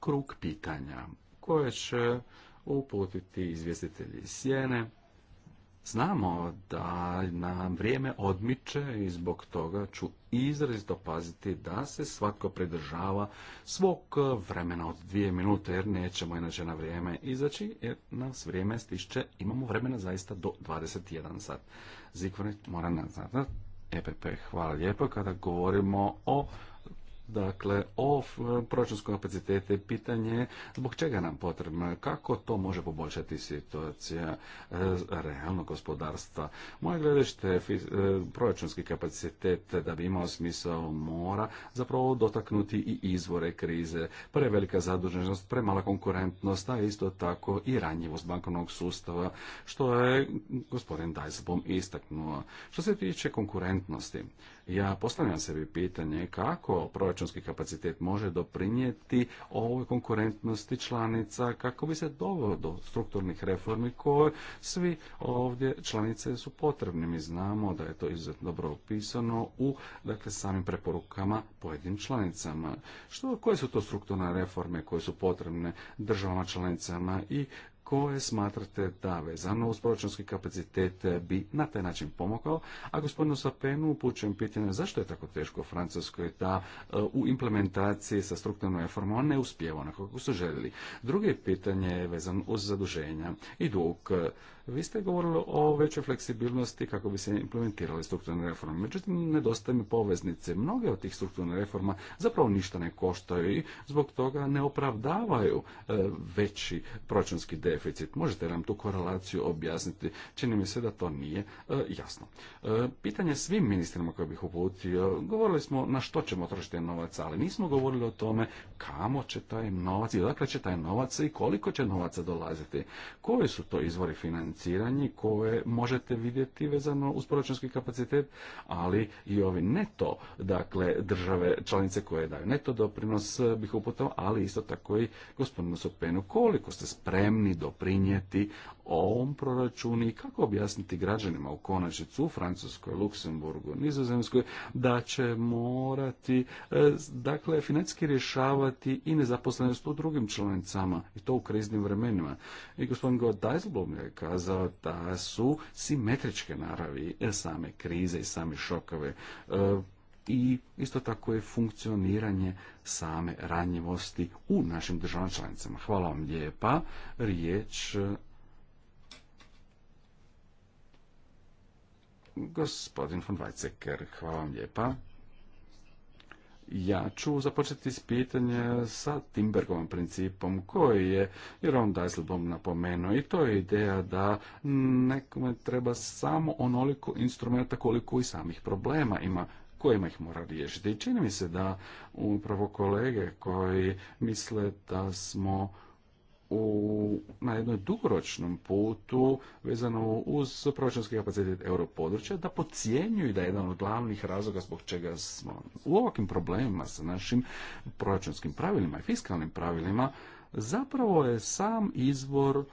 krug pitanja koje će uputiti izvjestitelji sjene. Znamo da nam vrijeme odmiče i zbog toga ću izrazito paziti da se svatko pridržava svog vremena od dvije minute, jer nećemo inače na vrijeme izaći, jer nas vrijeme stišće. Imamo vremena zaista do 21 sat. moram mora nazad. E, EPP, hvala lijepo. Kada govorimo o Dakle, o proračunskom kapacitetu je pitanje zbog čega nam potrebno, kako to može poboljšati situacija e, realnog gospodarstva. Moje gledište, e, proračunski kapacitet da bi imao smisao mora zapravo dotaknuti i izvore krize, prevelika zaduženost, premala konkurentnost, a isto tako i ranjivost bankovnog sustava, što je gospodin Dajsbom istaknuo. Što se tiče konkurentnosti, ja postavljam sebi pitanje kako proračunski kapacitet može doprinijeti ovoj konkurentnosti članica kako bi se dovelo do strukturnih reformi koje svi ovdje članice su potrebni. Mi znamo da je to izuzetno dobro opisano u dakle, samim preporukama pojedinim članicama. Što, koje su to strukturne reforme koje su potrebne državama članicama i koje smatrate da vezano uz proračunski kapacitet bi na taj način pomogao, a gospodinu Sapenu upućujem pitanje zašto je tako teško Francuskoj da e, u implementaciji sa strukturnom reformom ne uspijeva onako kako su željeli. Drugo pitanje je vezano uz zaduženja i dug vi ste govorili o većoj fleksibilnosti kako bi se implementirali strukturne reforme. Međutim, nedostaje mi poveznice. Mnoge od tih strukturnih reforma zapravo ništa ne koštaju i zbog toga ne opravdavaju e, veći proračunski deficit. Možete nam tu korelaciju objasniti? Čini mi se da to nije e, jasno. E, pitanje svim ministrima koje bih uputio, govorili smo na što ćemo trošiti novac, ali nismo govorili o tome kamo će taj novac i odakle će taj novac i koliko će novaca dolaziti. Koji su to izvori financija? financiranje koje možete vidjeti vezano uz proračunski kapacitet, ali i ovi neto, dakle, države članice koje daju neto doprinos eh, bih uputao, ali isto tako i gospodinu Sopenu koliko ste spremni doprinijeti ovom proračunu i kako objasniti građanima u konačnicu u Francuskoj, Luksemburgu, Nizozemskoj da će morati e, dakle financijski rješavati i nezaposlenost u drugim članicama i to u kriznim vremenima. I gospodin God Dijsselblom je kazao da su simetričke naravi e, same krize i same šokove e, i isto tako je funkcioniranje same ranjivosti u našim državama članicama. Hvala vam lijepa. Riječ Gospodin von Weizsäcker, hvala vam lijepa. Ja ću započeti s pitanje sa Timbergovom principom koji je Jeroen Dijsselbom napomenuo i to je ideja da nekome treba samo onoliko instrumenta koliko i samih problema ima kojima ih mora riješiti. I čini mi se da upravo kolege koji misle da smo u, na jednom dugoročnom putu vezano uz proračunski kapacitet europodručja da podcjenjuju da je jedan od glavnih razloga zbog čega smo u ovakvim problemima sa našim proračunskim pravilima i fiskalnim pravilima zapravo je sam izvor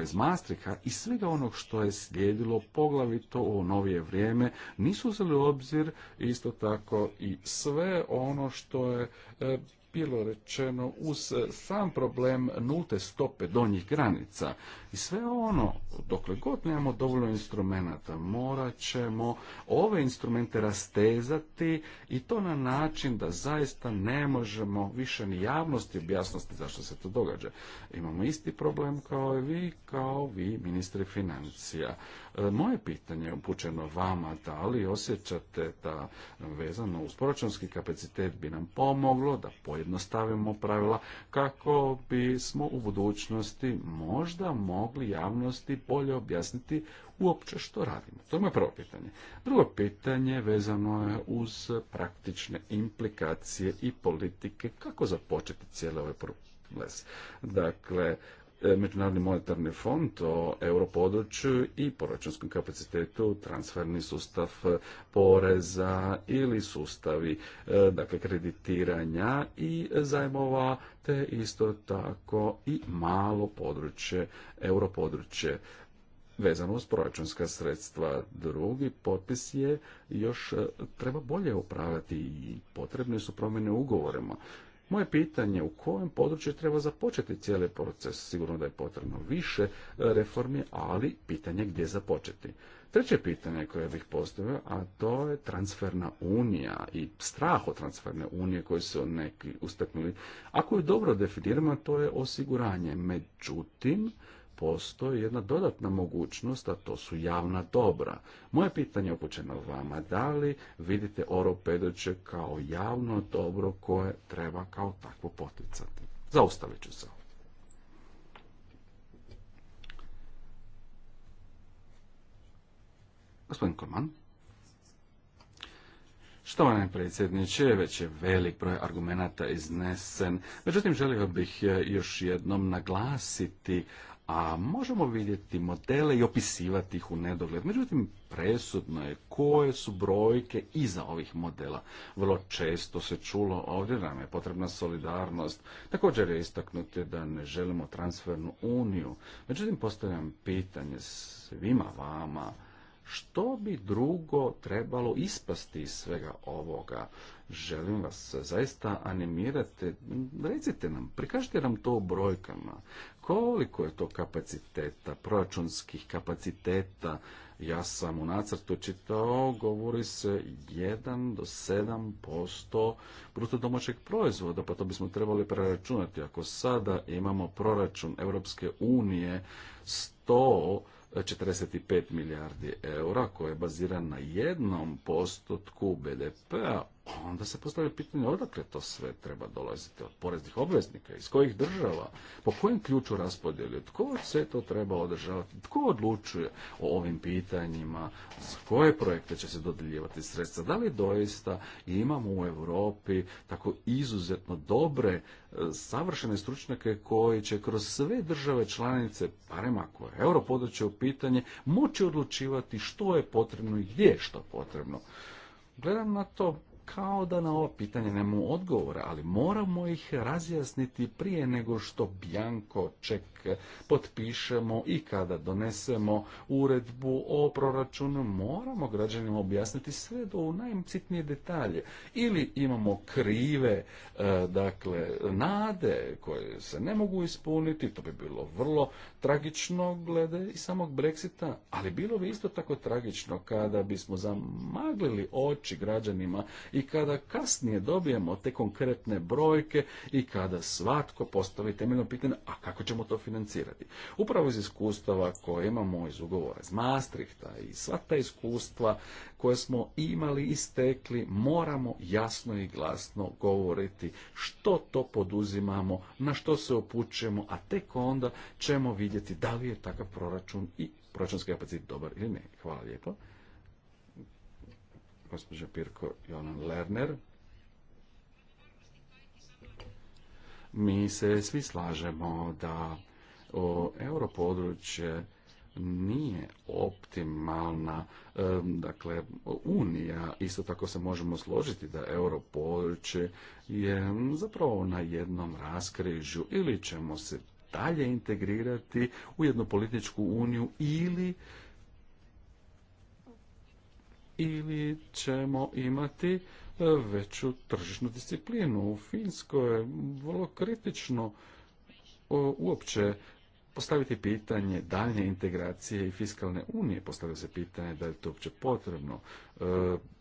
e, iz mastriha i svega onog što je slijedilo poglavito u novije vrijeme nisu uzeli u obzir isto tako i sve ono što je e, bilo rečeno uz eh, sam problem nulte stope donjih granica i sve ono, dokle god nemamo dovoljno instrumenata, morat ćemo ove instrumente rastezati i to na način da zaista ne možemo više ni javnosti objasnosti zašto se to događa. Imamo isti problem kao i vi, kao vi ministri financija. E, moje pitanje je upućeno vama, da li osjećate da vezano uz proračunski kapacitet bi nam pomoglo da pojednostavimo pravila kako bismo u budućnosti možda mogli javnosti bolje objasniti uopće što radimo. To je moje prvo pitanje. Drugo pitanje vezano je uz praktične implikacije i politike kako započeti cijele ovaj proces. Dakle, E, Međunarodni monetarni fond o europodručju i proračunskom kapacitetu, transferni sustav e, poreza ili sustavi e, dakle, kreditiranja i zajmova, te isto tako i malo područje, europodručje vezano uz proračunska sredstva. Drugi potpis je još treba bolje upravljati i potrebne su promjene ugovorima. Moje pitanje u kojem području treba započeti cijeli proces? Sigurno da je potrebno više e, reformi, ali pitanje gdje započeti. Treće pitanje koje bih postavio, a to je transferna unija i strah od transferne unije koji su neki ustaknuli. Ako je dobro definiramo, to je osiguranje. Međutim, postoji jedna dodatna mogućnost, a to su javna dobra. Moje pitanje je upućeno vama, da li vidite oro kao javno dobro koje treba kao takvo poticati? Zaustavit ću se. Gospodin Kolman. predsjedniče, već je velik broj argumenata iznesen, međutim želio bih još jednom naglasiti a možemo vidjeti modele i opisivati ih u nedogled. Međutim, presudno je koje su brojke iza ovih modela. Vrlo često se čulo ovdje nam je potrebna solidarnost. Također je istaknuti da ne želimo transfernu uniju. Međutim, postavljam pitanje svima vama što bi drugo trebalo ispasti iz svega ovoga. Želim vas zaista animirati, recite nam, prikažite nam to u brojkama koliko je to kapaciteta, proračunskih kapaciteta. Ja sam u nacrtu čitao, govori se 1 do 7 posto bruto domaćeg proizvoda, pa to bismo trebali preračunati. Ako sada imamo proračun Europske unije 145 milijardi eura koje je baziran na jednom postotku BDP-a onda se postavlja pitanje odakle to sve treba dolaziti od poreznih obveznika, iz kojih država, po kojem ključu raspodjeli, tko sve to treba održavati, tko odlučuje o ovim pitanjima, s koje projekte će se dodjeljivati sredstva, da li doista imamo u Europi tako izuzetno dobre, e, savršene stručnjake koji će kroz sve države članice, barem ako je europodručje u pitanje, moći odlučivati što je potrebno i gdje je što potrebno. Gledam na to kao da na ovo pitanje nemamo odgovora, ali moramo ih razjasniti prije nego što bjanko ček potpišemo i kada donesemo uredbu o proračunu, moramo građanima objasniti sve do u najcitnije detalje. Ili imamo krive e, dakle, nade koje se ne mogu ispuniti, to bi bilo vrlo tragično glede i samog Brexita, ali bilo bi isto tako tragično kada bismo zamaglili oči građanima i kada kasnije dobijemo te konkretne brojke i kada svatko postavi temeljno pitanje, a kako ćemo to financirati? Upravo iz iskustava koje imamo iz ugovora iz Maastrichta i sva ta iskustva koje smo imali i stekli, moramo jasno i glasno govoriti što to poduzimamo, na što se opućujemo, a tek onda ćemo vidjeti da li je takav proračun i proračunski kapacit dobar ili ne. Hvala lijepo gospođa Pirko Lerner. Mi se svi slažemo da europodručje nije optimalna dakle unija isto tako se možemo složiti da europodručje je zapravo na jednom raskrižju ili ćemo se dalje integrirati u jednu političku uniju ili ili ćemo imati e, veću tržišnu disciplinu. U Finskoj je vrlo kritično e, uopće postaviti pitanje daljnje integracije i fiskalne unije. Postavlja se pitanje da je to uopće potrebno. E,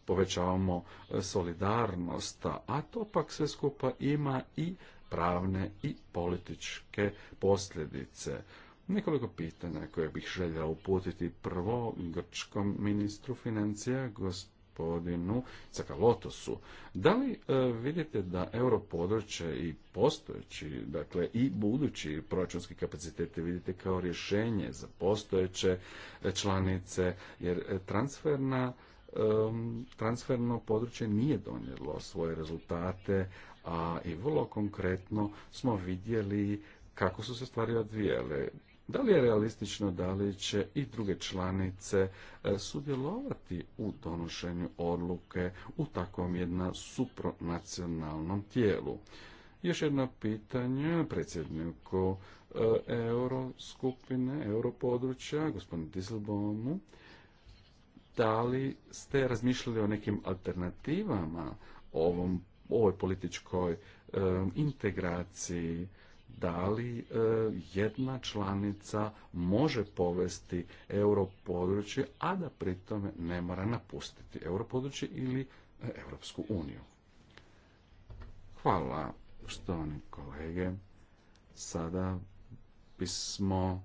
povećavamo solidarnost, a to pak sve skupa ima i pravne i političke posljedice. Nekoliko pitanja koje bih željela uputiti prvo grčkom ministru financija, gospodinu Cakalotosu. Da li e, vidite da europodručje i postojeći, dakle i budući proračunski kapacitete vidite kao rješenje za postojeće e, članice, jer e, transferna transferno područje nije donijelo svoje rezultate, a i vrlo konkretno smo vidjeli kako su se stvari odvijale. Da li je realistično da li će i druge članice e, sudjelovati u donošenju odluke u takvom jednom supranacionalnom tijelu? Još jedno pitanje predsjedniku e, Euroskupine, Europodručja, gospodinu Dieselbomu. Da li ste razmišljali o nekim alternativama ovom, ovoj političkoj e, integraciji da li e, jedna članica može povesti europodručje, a da pritome ne mora napustiti europodručje ili e, Europsku uniju. Hvala, štovani kolege. Sada bismo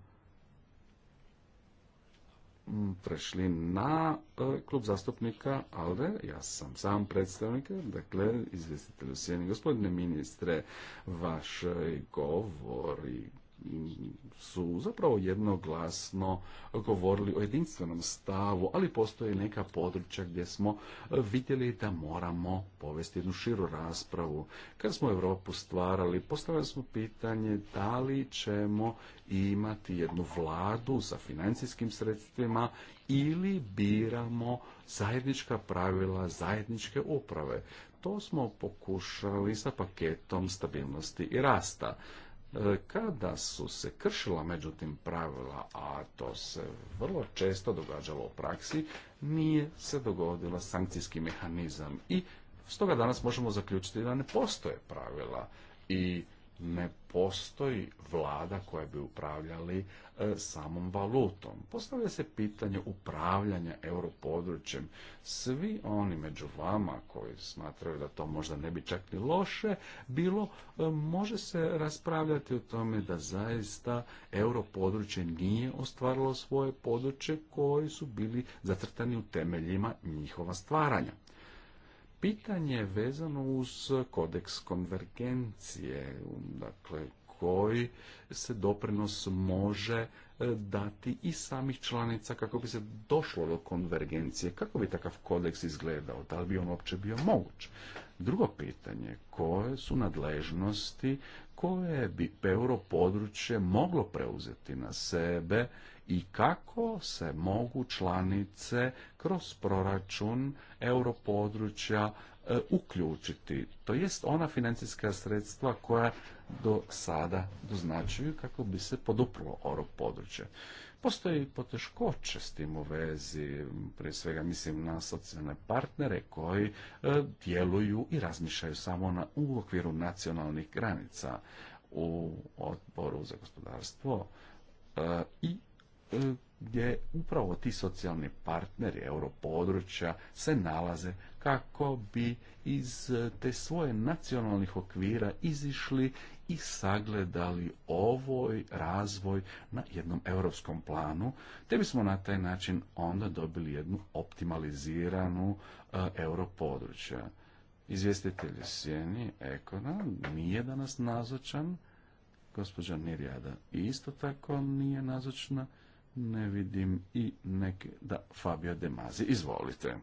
prešli na e, klub zastupnika ALDE. Ja sam sam predstavnik, dakle, izvestitelj u sjeni. Gospodine ministre, vaš govor su zapravo jednoglasno govorili o jedinstvenom stavu, ali postoje neka područja gdje smo vidjeli da moramo povesti jednu širu raspravu. Kad smo Europu stvarali, postavili smo pitanje da li ćemo imati jednu vladu sa financijskim sredstvima ili biramo zajednička pravila zajedničke uprave. To smo pokušali sa paketom stabilnosti i rasta. E, kada su se kršila međutim pravila, a to se vrlo često događalo u praksi, nije se dogodila sankcijski mehanizam i stoga danas možemo zaključiti da ne postoje pravila i ne postoji vlada koja bi upravljali E, samom valutom. Postavlja se pitanje upravljanja europodručjem. Svi oni među vama koji smatraju da to možda ne bi čak ni loše bilo, e, može se raspravljati o tome da zaista europodručje nije ostvarilo svoje područje koji su bili zacrtani u temeljima njihova stvaranja. Pitanje je vezano uz kodeks konvergencije, dakle koji se doprinos može e, dati i samih članica kako bi se došlo do konvergencije. Kako bi takav kodeks izgledao? Da li bi on uopće bio moguć? Drugo pitanje, koje su nadležnosti koje bi europodručje moglo preuzeti na sebe i kako se mogu članice kroz proračun europodručja E, uključiti, to jest ona financijska sredstva koja do sada doznačuju kako bi se poduprlo ovo područje. Postoji poteškoće s tim u vezi, prije svega mislim na socijalne partnere koji e, djeluju i razmišljaju samo na, u okviru nacionalnih granica u odboru za gospodarstvo e, i gdje upravo ti socijalni partneri europodručja se nalaze kako bi iz eh, te svoje nacionalnih okvira izišli i sagledali ovoj razvoj na jednom europskom planu, te bismo na taj način onda dobili jednu optimaliziranu eh, europodručja. Izvjestitelj Sjeni Ekona nije danas nazočan, gospođa Nirjada isto tako nije nazočna, ne vidim i neke, da, Fabio Demazi, izvolite.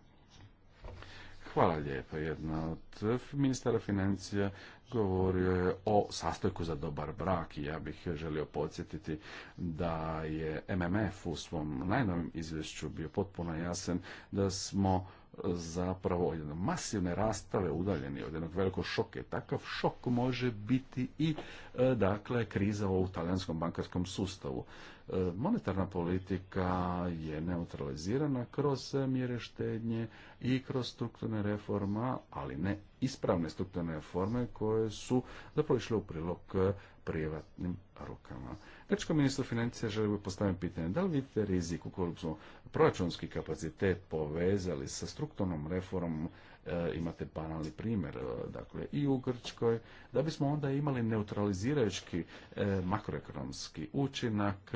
Hvala lijepa. Jedna od ministara financija govorio je o sastojku za dobar brak i ja bih želio podsjetiti da je MMF u svom najnovim izvješću bio potpuno jasen da smo zapravo od jedne masivne rastave udaljeni od jednog veliko šoka. Takav šok može biti i e, dakle kriza u talijanskom bankarskom sustavu. E, monetarna politika je neutralizirana kroz mjere štednje i kroz strukturne reforma, ali ne ispravne strukturne reforme koje su zapravo išle u prilog e, privatnim rukama. Grčko ministar financija želi bi postaviti pitanje da li vidite rizik ukoliko smo proračunski kapacitet povezali sa strukturnom reformom e, imate banalni primjer e, dakle i u Grčkoj da bismo onda imali neutralizirajući e, makroekonomski učinak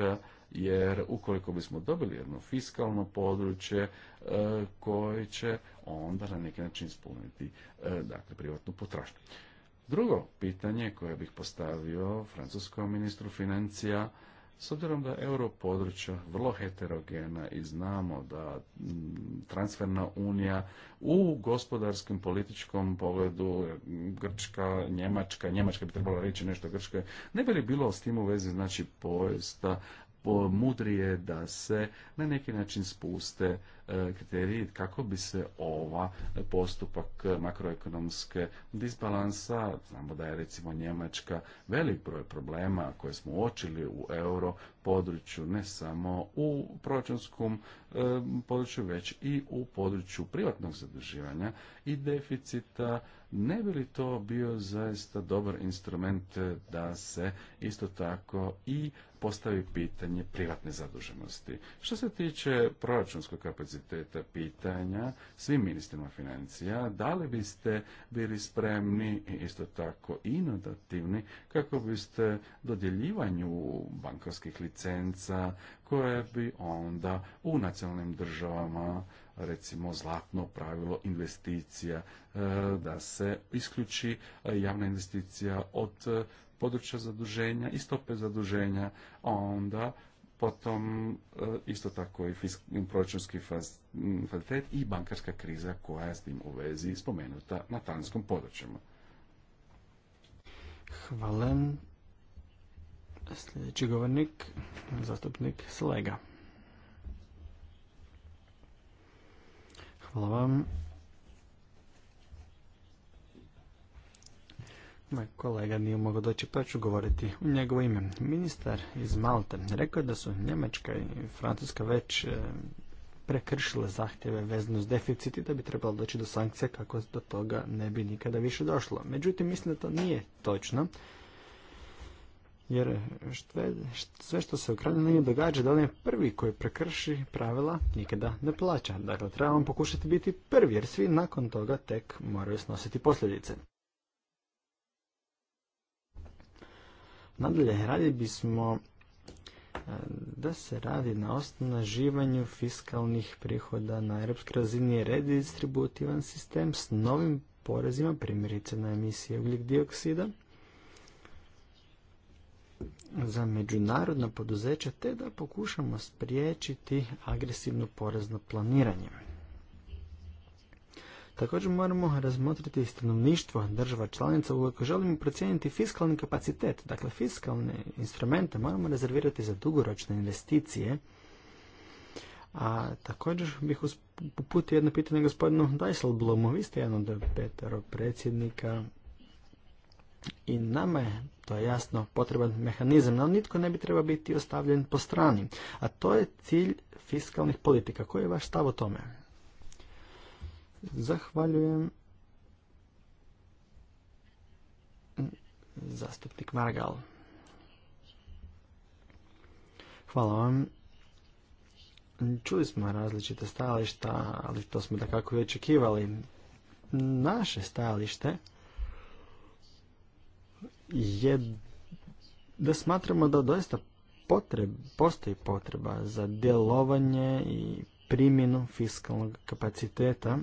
jer ukoliko bismo dobili jedno fiskalno područje koje će onda na neki način ispuniti dakle privatnu potražnju. Drugo pitanje koje bih postavio francuskom ministru financija, s obzirom da je euro područja vrlo heterogena i znamo da mm, transferna unija u gospodarskom, političkom pogledu Grčka, Njemačka, Njemačka bi trebala reći nešto Grčka, ne bi li bilo s tim u vezi znači poista mudrije da se na neki način spuste e, kriteriji kako bi se ova postupak makroekonomske disbalansa, znamo da je recimo Njemačka velik broj problema koje smo uočili u euro području, ne samo u proračunskom e, području, već i u području privatnog zadrživanja i deficita ne bi li to bio zaista dobar instrument eh, da se isto tako i postavi pitanje privatne zaduženosti. Što se tiče proračunskog kapaciteta pitanja svim ministrima financija, da li biste bili spremni i isto tako inovativni kako biste dodjeljivanju bankarskih licenca koje bi onda u nacionalnim državama recimo zlatno pravilo investicija e, da se isključi e, javna investicija od e, područja zaduženja i stope zaduženja, onda potom isto tako i proračunski kvalitet i bankarska kriza koja je s tim u vezi spomenuta na talijanskom području. Hvala. Sljedeći govornik, zastupnik Slega. Hvala vam. Moj kolega nije mogao doći pa ću govoriti u njegovo ime. Ministar iz Malte rekao je da su Njemačka i Francuska već e, prekršile zahtjeve vezano s deficit i da bi trebalo doći do sankcija kako do toga ne bi nikada više došlo. Međutim, mislim da to nije točno jer sve što se u krajnjoj liniji događa da on je prvi koji prekrši pravila nikada ne plaća. Dakle, trebamo pokušati biti prvi jer svi nakon toga tek moraju snositi posljedice. Nadalje, radi bismo e, da se radi na osnaživanju fiskalnih prihoda na europskoj razini redistributivan sistem s novim porezima, primjerice na emisije ugljik dioksida, za međunarodna poduzeća te da pokušamo spriječiti agresivno porezno planiranje. Također moramo razmotriti stanovništvo država članica ukoliko želimo procijeniti fiskalni kapacitet, dakle fiskalne instrumente moramo rezervirati za dugoročne investicije. A također bih uputio jedno pitanje gospodinu Dijsselblomu, vi ste jedan od petero predsjednika i nama je to je jasno potreban mehanizam, ali nitko ne bi trebao biti ostavljen po strani. A to je cilj fiskalnih politika. Koji je vaš stav o tome? Zahvaljujem. Zastupnik Margal. Hvala vam. Čuli smo različite stajališta, ali to smo da kako i očekivali. Naše stajalište je da smatramo da doista potreb, postoji potreba za djelovanje i primjenu fiskalnog kapaciteta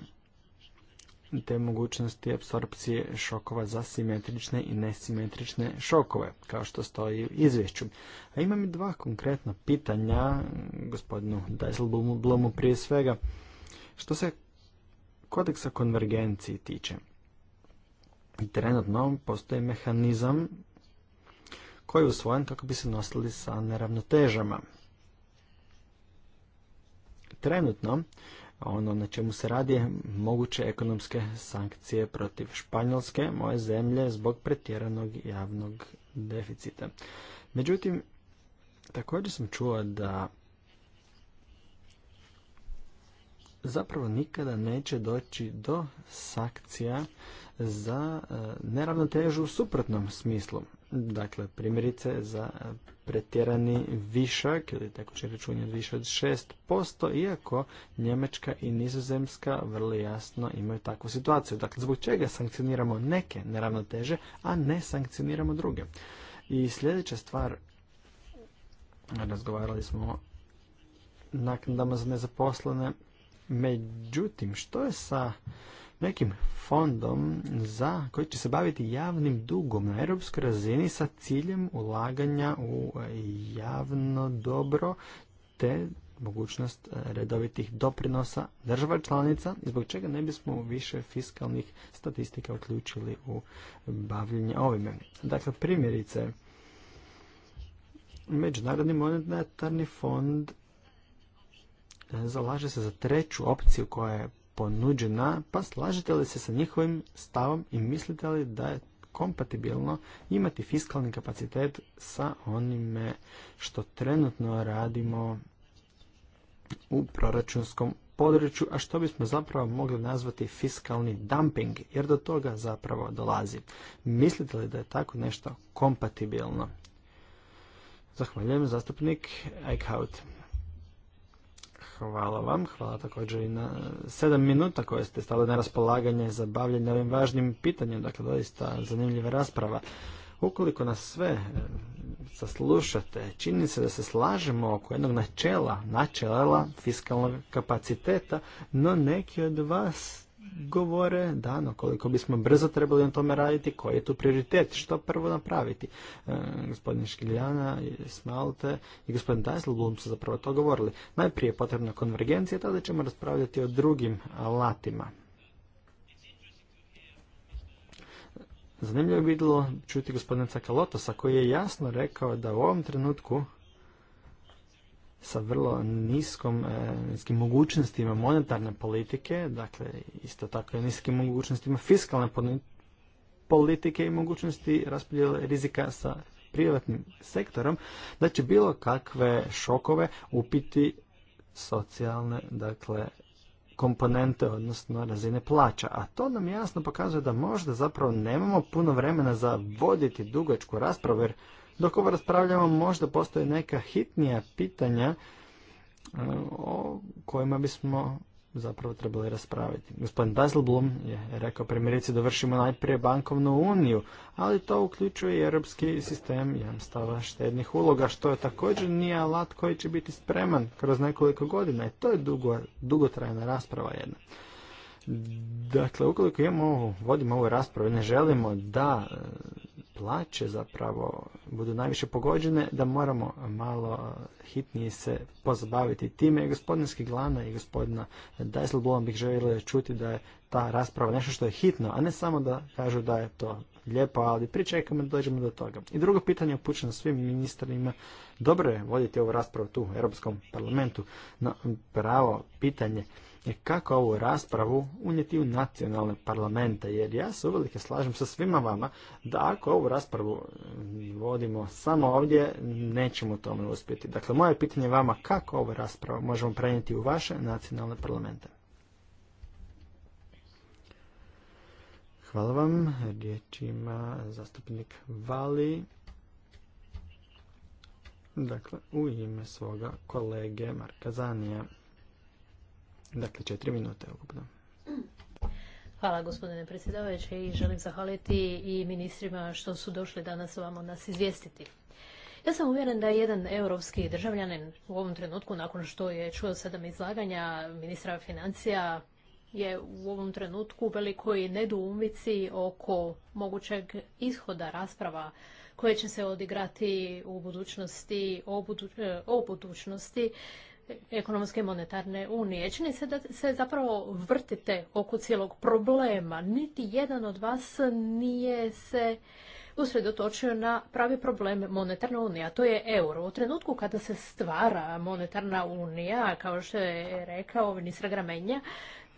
te mogućnosti apsorpcije šokova za simetrične i nesimetrične šokove, kao što stoji u izvješću. A imam i dva konkretna pitanja gospodinu Dijsselblomu prije svega. Što se kodeksa konvergenciji tiče, trenutno postoji mehanizam koji je usvojen kako bi se nosili sa neravnotežama. Trenutno ono na čemu se radi je moguće ekonomske sankcije protiv Španjolske, moje zemlje, zbog pretjeranog javnog deficita. Međutim, također sam čuo da zapravo nikada neće doći do sankcija za e, neravnotežu u suprotnom smislu. Dakle, primjerice za pretjerani višak ili tako račun više od 6%, iako Njemačka i Nizozemska vrlo jasno imaju takvu situaciju. Dakle, zbog čega sankcioniramo neke neravnoteže, a ne sankcioniramo druge. I sljedeća stvar, razgovarali smo o naknadama za nezaposlene, međutim, što je sa nekim fondom za koji će se baviti javnim dugom na europskoj razini sa ciljem ulaganja u javno dobro te mogućnost e, redovitih doprinosa država članica zbog čega ne bismo više fiskalnih statistika uključili u bavljenje ovime. Dakle, primjerice, Međunarodni monetarni fond e, zalaže se za treću opciju koja je ponuđena, pa slažete li se sa njihovim stavom i mislite li da je kompatibilno imati fiskalni kapacitet sa onime što trenutno radimo u proračunskom području, a što bismo zapravo mogli nazvati fiskalni dumping, jer do toga zapravo dolazi. Mislite li da je tako nešto kompatibilno? Zahvaljujem, zastupnik Eichhout. Hvala vam, hvala također i na sedam minuta koje ste stali na raspolaganje za bavljanje ovim važnim pitanjem, dakle doista zanimljiva rasprava. Ukoliko nas sve e, saslušate, čini se da se slažemo oko jednog načela, načela fiskalnog kapaciteta, no neki od vas govore, da, no koliko bismo brzo trebali na tome raditi, koji je tu prioritet, što prvo napraviti. E, gospodin Škiljana, Smalte i gospodin Dijsselblum su zapravo to govorili. Najprije je potrebna konvergencija, tada ćemo raspravljati o drugim alatima. Zanimljivo je bilo čuti gospodina Cakalotosa koji je jasno rekao da u ovom trenutku sa vrlo niskom, e, niskim mogućnostima monetarne politike, dakle isto tako i niskim mogućnostima fiskalne politike i mogućnosti raspodjele rizika sa privatnim sektorom, da će bilo kakve šokove upiti socijalne, dakle, komponente, odnosno razine plaća. A to nam jasno pokazuje da možda zapravo nemamo puno vremena za voditi dugačku raspravu, jer dok ovo raspravljamo možda postoje neka hitnija pitanja e, o kojima bismo zapravo trebali raspraviti. Gospodin Dasselblum je rekao primjerice da vršimo najprije bankovnu uniju, ali to uključuje i europski sistem jamstava štednih uloga, što je također nije alat koji će biti spreman kroz nekoliko godina i to je dugo, dugotrajna rasprava jedna. Dakle, ukoliko imamo, vodimo ovu raspravu ne želimo da plaće zapravo budu najviše pogođene, da moramo malo hitnije se pozabaviti time. I gospodin Skiglana i gospodina Dajsselblom bih želio čuti da je ta rasprava nešto što je hitno, a ne samo da kažu da je to lijepo, ali pričekamo da dođemo do toga. I drugo pitanje upućeno svim ministrima. Dobro je voditi ovu raspravu tu u Europskom parlamentu, no pravo pitanje je kako ovu raspravu unijeti u nacionalne parlamente, jer ja se uvelike slažem sa svima vama da ako ovu raspravu mm, vodimo samo ovdje, nećemo tome uspjeti. Dakle, moje pitanje vama kako ovu raspravu možemo prenijeti u vaše nacionalne parlamente. Hvala vam. Riječ zastupnik Vali. Dakle, u ime svoga kolege Marka Dakle, četiri minute Hvala gospodine predsjedavajući i želim zahvaliti i ministrima što su došli danas ovamo nas izvijestiti. Ja sam uvjeren da je jedan europski državljanin u ovom trenutku, nakon što je čuo sedam izlaganja ministra financija, je u ovom trenutku u velikoj nedoumici oko mogućeg ishoda rasprava koje će se odigrati u budućnosti, o budućnosti ekonomske monetarne unije. Čini se da se zapravo vrtite oko cijelog problema. Niti jedan od vas nije se usredotočio na pravi problem monetarna unija, to je euro. U trenutku kada se stvara monetarna unija, kao što je rekao ministar Gramenja,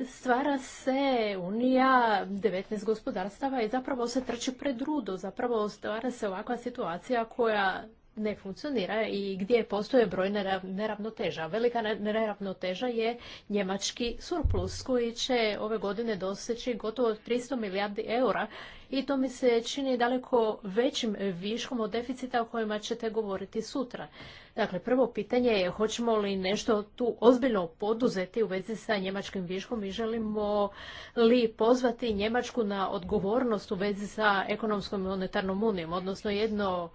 stvara se unija 19 gospodarstava i zapravo se trči pred rudo. Zapravo stvara se ovakva situacija koja ne funkcionira i gdje postoje broj neravnoteža. Velika neravnoteža je njemački surplus koji će ove godine doseći gotovo 300 milijardi eura i to mi se čini daleko većim viškom od deficita o kojima ćete govoriti sutra. Dakle, prvo pitanje je hoćemo li nešto tu ozbiljno poduzeti u vezi sa njemačkim viškom i želimo li pozvati Njemačku na odgovornost u vezi sa ekonomskom i monetarnom unijom, odnosno jedno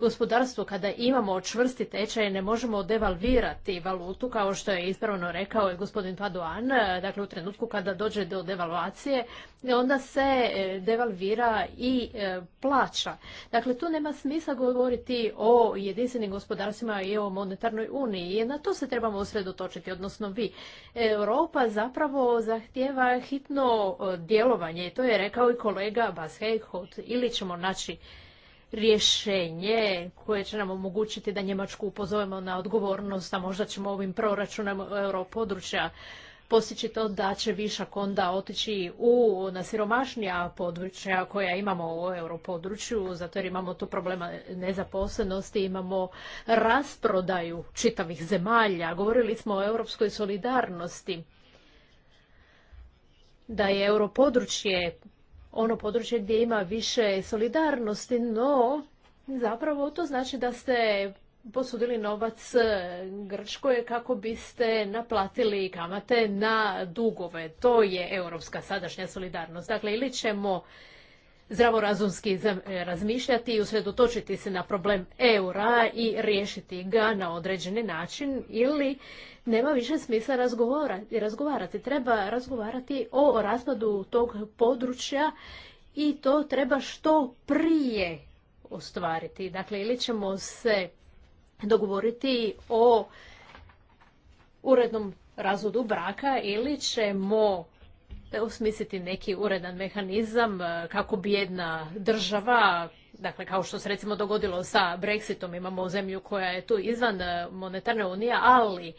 gospodarstvo kada imamo čvrsti tečaj ne možemo devalvirati valutu kao što je ispravno rekao i gospodin Padoan, Dakle, u trenutku kada dođe do devalvacije onda se e, devalvira i e, plaća. Dakle, tu nema smisla govoriti o jedinstvenim gospodarstvima i o monetarnoj uniji. Na to se trebamo usredotočiti, odnosno vi. Europa zapravo zahtjeva hitno e, djelovanje. i To je rekao i kolega Bas Hot ili ćemo naći rješenje koje će nam omogućiti da Njemačku upozovemo na odgovornost, a možda ćemo ovim proračunom europodručja postići to da će višak onda otići u na siromašnija područja koja imamo u europodručju, zato jer imamo tu problema nezaposlenosti, imamo rasprodaju čitavih zemalja. Govorili smo o europskoj solidarnosti da je europodručje ono područje gdje ima više solidarnosti, no zapravo to znači da ste posudili novac e, Grčkoj kako biste naplatili kamate na dugove. To je europska sadašnja solidarnost. Dakle, ili ćemo zdravorazumski e, razmišljati i usredotočiti se na problem eura i riješiti ga na određeni način ili nema više smisla razgovarati. Treba razgovarati o raspadu tog područja i to treba što prije ostvariti. Dakle, ili ćemo se dogovoriti o urednom razvodu braka ili ćemo osmisliti neki uredan mehanizam e, kako bi jedna država, dakle kao što se recimo dogodilo sa Brexitom, imamo zemlju koja je tu izvan e, monetarne unije, ali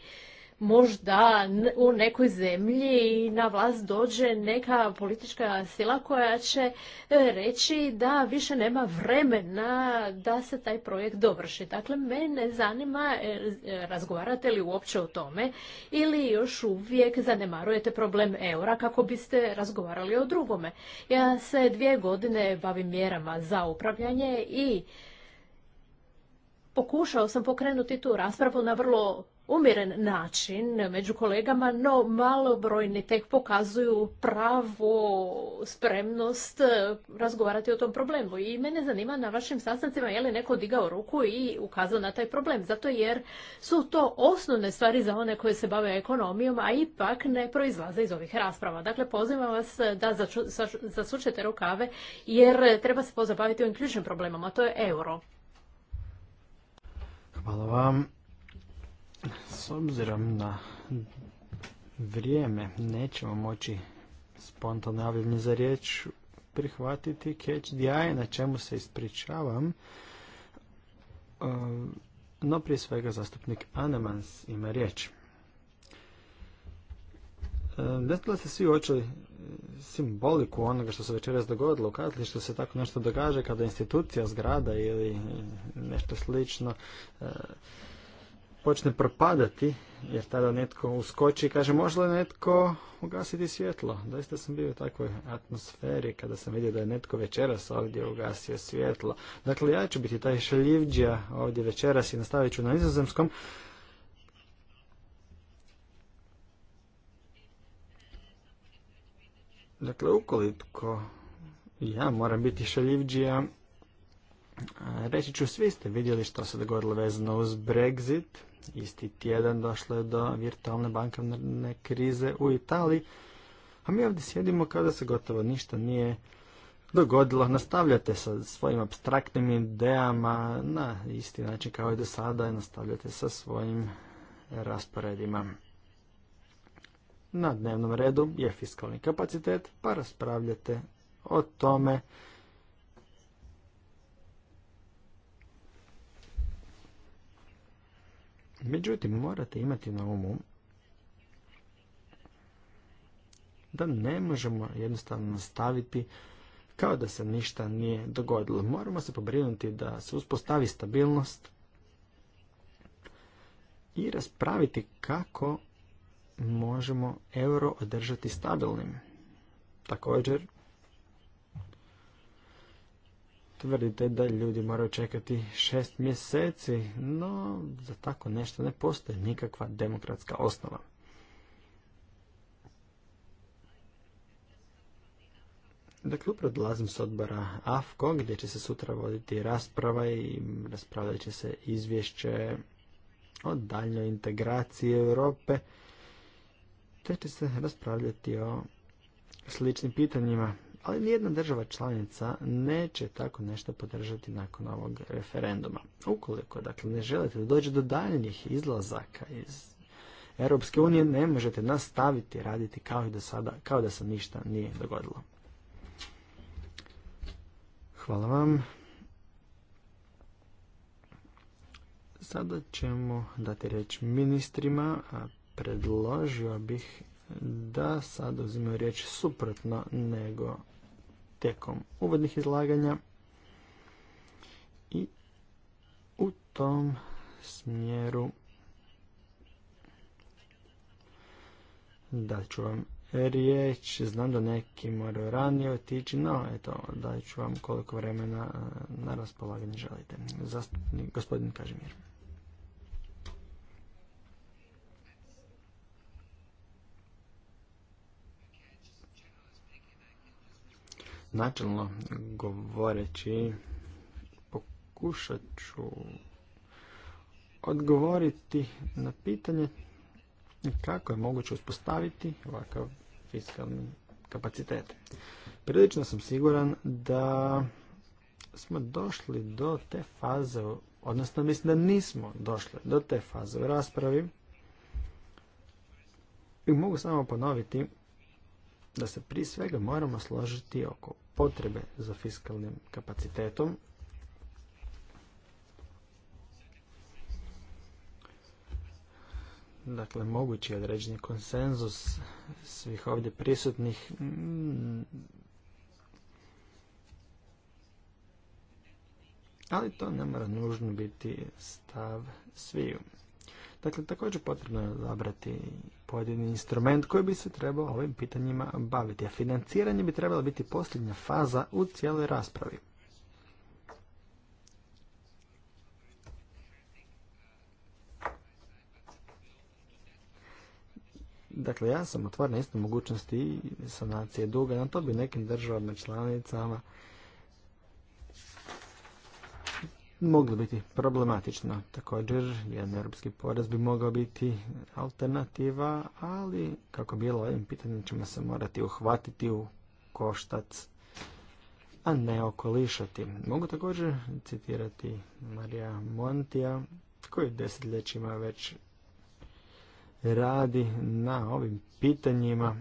možda u nekoj zemlji na vlast dođe neka politička sila koja će e, reći da više nema vremena da se taj projekt dovrši. Dakle, mene zanima e, razgovarate li uopće o tome ili još uvijek zanemarujete problem eura kako biste razgovarali o drugome. Ja se dvije godine bavim mjerama za upravljanje i pokušao sam pokrenuti tu raspravu na vrlo umjeren način među kolegama, no malobrojni tek pokazuju pravu spremnost eh, razgovarati o tom problemu. I mene zanima na vašim sastancima je li neko digao ruku i ukazao na taj problem, zato jer su to osnovne stvari za one koje se bave ekonomijom, a ipak ne proizlaze iz ovih rasprava. Dakle, pozivam vas eh, da zasučete rukave jer eh, treba se pozabaviti ovim ključnim problemom, a to je euro. Hvala vam. S obzirom na vrijeme nećemo moći spontano za riječ prihvatiti catch the na čemu se ispričavam. Ehm, no prije svega zastupnik Anemans ima riječ. Ehm, ne znam ste svi uočili e, simboliku onoga što se večeras dogodilo u što se tako nešto događa kada institucija zgrada ili e, nešto slično e, počne propadati, jer tada netko uskoči i kaže može li netko ugasiti svjetlo. Doista sam bio u takvoj atmosferi kada sam vidio da je netko večeras ovdje ugasio svjetlo. Dakle, ja ću biti taj šaljivđija ovdje večeras i nastavit ću na izazemskom. Dakle, ukoliko ja moram biti šaljivđija, Reći svi ste vidjeli što se dogodilo vezano uz Brexit. Isti tjedan došlo je do virtualne bankovne krize u Italiji. A mi ovdje sjedimo kada se gotovo ništa nije dogodilo. Nastavljate sa svojim abstraktnim idejama na isti način kao i do sada. Nastavljate sa svojim rasporedima. Na dnevnom redu je fiskalni kapacitet, pa raspravljate o tome Međutim, morate imati na umu da ne možemo jednostavno nastaviti kao da se ništa nije dogodilo. Moramo se pobrinuti da se uspostavi stabilnost i raspraviti kako možemo euro održati stabilnim. Također, tvrdite da ljudi moraju čekati šest mjeseci, no za tako nešto ne postoji nikakva demokratska osnova. Dakle, upravo dolazim s odbora AFKO, gdje će se sutra voditi rasprava i raspravljat će se izvješće o daljnjoj integraciji Europe, te će se raspravljati o sličnim pitanjima ali nijedna država članica neće tako nešto podržati nakon ovog referenduma. Ukoliko dakle, ne želite da dođe do daljnjih izlazaka iz Europske unije, ne možete nastaviti raditi kao i do sada, kao da se ništa nije dogodilo. Hvala vam. Sada ćemo dati riječ ministrima, a predložio bih da sad uzimaju riječ suprotno nego tijekom uvodnih izlaganja i u tom smjeru dat ću vam riječ. Znam da neki moraju ranije otići, no eto, dat ću vam koliko vremena eh, na raspolaganje želite. Zastupnik, gospodin Kažimir. Načelno govoreći, pokušat ću odgovoriti na pitanje kako je moguće uspostaviti ovakav fiskalni kapacitet. Prilično sam siguran da smo došli do te faze, odnosno mislim da nismo došli do te faze u raspravi. I mogu samo ponoviti da se prije svega moramo složiti oko potrebe za fiskalnim kapacitetom. Dakle, mogući određeni konsenzus svih ovdje prisutnih ali to ne mora nužno biti stav sviju. Dakle, također potrebno je odabrati pojedini instrument koji bi se trebao ovim pitanjima baviti, a financiranje bi trebalo biti posljednja faza u cijeloj raspravi. Dakle, ja sam otvoren isto mogućnosti sanacije duga, na to bi nekim državama članicama moglo biti problematično. Također, jedan europski porez bi mogao biti alternativa, ali kako bilo ovim pitanjem ćemo se morati uhvatiti u koštac, a ne okolišati. Mogu također citirati Marija Montija, koji desetljećima već radi na ovim pitanjima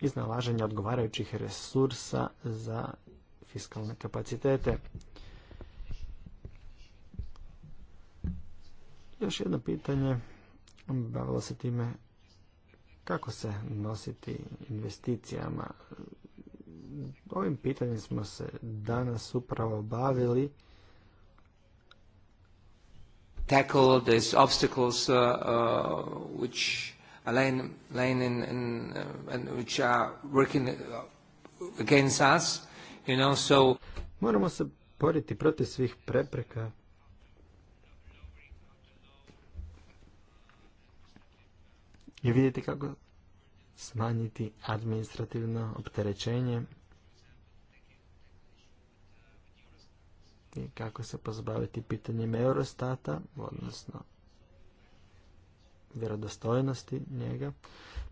iznalaženja odgovarajućih resursa za fiskalne kapacitete. Još jedno pitanje bavilo se time kako se nositi investicijama. Ovim pitanjem smo se danas upravo bavili. Tackle these obstacles uh, uh, which Alain, Alain and, and, and which are working uh, against us, you know, so... Moramo se boriti protiv svih prepreka i vidjeti kako smanjiti administrativno opterećenje i kako se pozbaviti pitanjem Eurostata, odnosno vjerodostojnosti njega,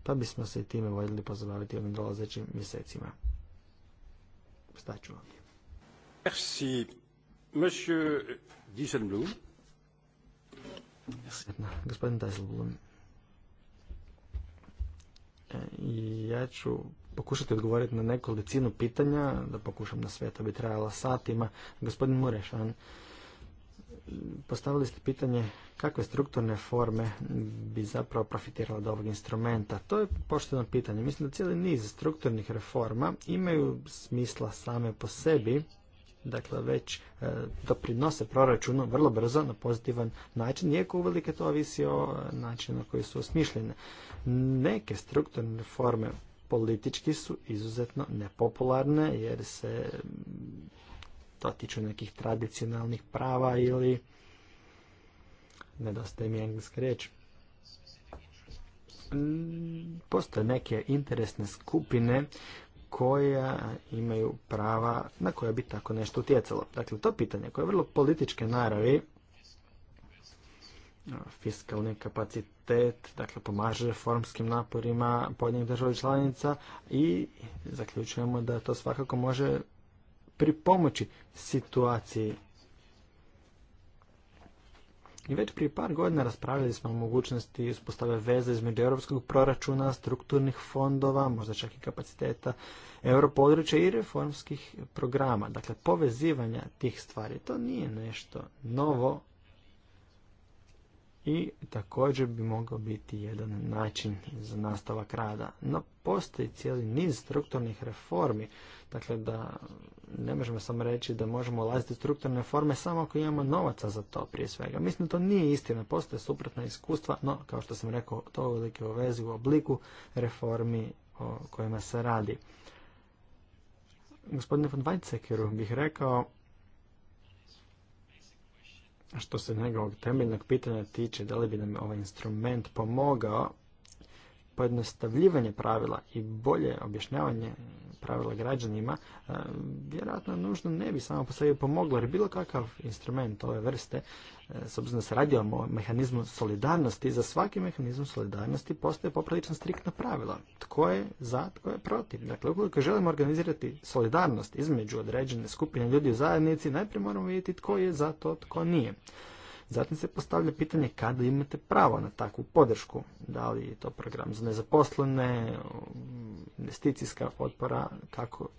pa bismo se i time voljeli pozabaviti ovim dolazećim mjesecima. Staću vam. Merci, monsieur Dieselblum. Gospodin Dieselblum. I Ja ću pokušati odgovoriti na nekolicinu pitanja, da pokušam na sve, to bi trajalo satima. Gospodin Murešan, postavili ste pitanje kakve strukturne forme bi zapravo profitirala od ovog instrumenta. To je pošteno pitanje. Mislim da cijeli niz strukturnih reforma imaju smisla same po sebi, dakle već e, doprinose proračunu vrlo brzo na pozitivan način, iako uvelike to ovisi o e, načinu na koji su osmišljene. Neke strukturne reforme politički su izuzetno nepopularne jer se to mm, tiču nekih tradicionalnih prava ili nedostaje mi engleska riječ. Mm, postoje neke interesne skupine koja imaju prava na koja bi tako nešto utjecalo. Dakle, to pitanje koje je vrlo političke naravi, fiskalni kapacitet, dakle pomaže reformskim naporima pojedinih država članica i zaključujemo da to svakako može pripomoći situaciji i već prije par godina raspravljali smo o mogućnosti uspostave veze između europskog proračuna, strukturnih fondova, možda čak i kapaciteta europodručja i reformskih programa. Dakle, povezivanja tih stvari. To nije nešto novo i također bi mogao biti jedan način za nastavak rada. No postoji cijeli niz strukturnih reformi, dakle da ne možemo samo reći da možemo ulaziti u strukturne reforme samo ako imamo novaca za to prije svega. Mislim da to nije istina, postoje suprotna iskustva, no kao što sam rekao to uvijek u vezi u obliku reformi o kojima se radi. Gospodine von Weizsäckeru bih rekao što se njegovog temeljnog pitanja tiče, da li bi nam ovaj instrument pomogao pojednostavljivanje pravila i bolje objašnjavanje pravila građanima e, vjerojatno nužno ne bi samo po sebi pomoglo jer bilo kakav instrument ove vrste e, s obzirom da se radi o mehanizmu solidarnosti za svaki mehanizam solidarnosti postoje poprilično striktna pravila tko je za, tko je protiv dakle ukoliko želimo organizirati solidarnost između određene skupine ljudi u zajednici najprije moramo vidjeti tko je za to, tko nije Zatim se postavlja pitanje kada imate pravo na takvu podršku. Da li je to program za nezaposlene, investicijska potpora,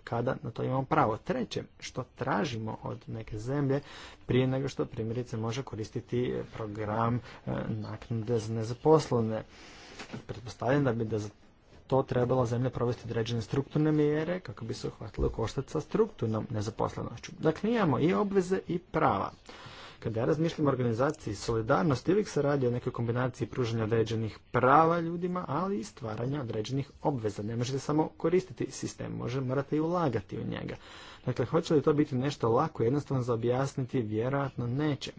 kada na to imamo pravo. Treće, što tražimo od neke zemlje prije nego što primjerice može koristiti program e, naknade za nezaposlene. Pretpostavljam da bi da za to trebala zemlja provesti određene strukturne mjere kako bi se uhvatilo koštac sa strukturnom nezaposlenošću. Dakle, imamo i obveze i prava. Kad ja razmišljam o organizaciji solidarnosti, uvijek se radi o nekoj kombinaciji pružanja određenih prava ljudima, ali i stvaranja određenih obveza. Ne možete samo koristiti sistem, može, morate i ulagati u njega. Dakle, hoće li to biti nešto lako, jednostavno za objasniti, vjerojatno neće.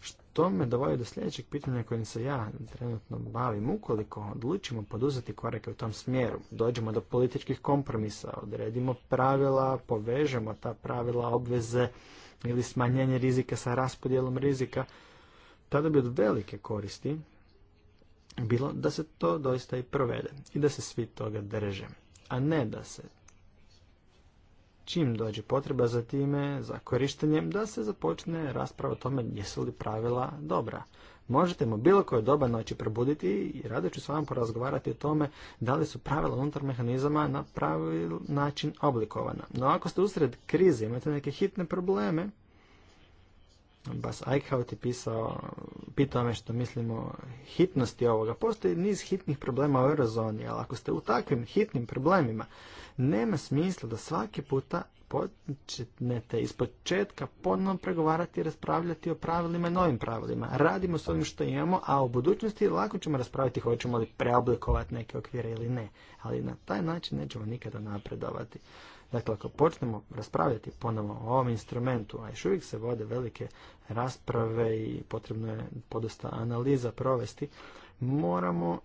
Što me dovodi do sljedećeg pitanja kojim se ja trenutno bavim. Ukoliko odlučimo poduzeti korake u tom smjeru, dođemo do političkih kompromisa, odredimo pravila, povežemo ta pravila, obveze, ili smanjenje rizika sa raspodjelom rizika, tada bi od velike koristi bilo da se to doista i provede i da se svi toga drže, a ne da se čim dođe potreba za time, za korištenjem, da se započne rasprava o tome jesu li pravila dobra. Možete mu bilo koje doba noći probuditi i rado ću s vama porazgovarati o tome da li su pravila unutar mehanizama na pravi način oblikovana. No ako ste usred krize, imate neke hitne probleme, Bas Eichhout je pisao, pitao me što mislimo hitnosti ovoga. Postoji niz hitnih problema u eurozoni, ali ako ste u takvim hitnim problemima, nema smisla da svaki puta počnete iz početka ponovno pregovarati i raspravljati o pravilima i novim pravilima. Radimo s ovim što imamo, a u budućnosti lako ćemo raspraviti hoćemo li preoblikovati neke okvire ili ne. Ali na taj način nećemo nikada napredovati. Dakle, ako počnemo raspravljati ponovno o ovom instrumentu, a još uvijek se vode velike rasprave i potrebno je podosta analiza provesti, moramo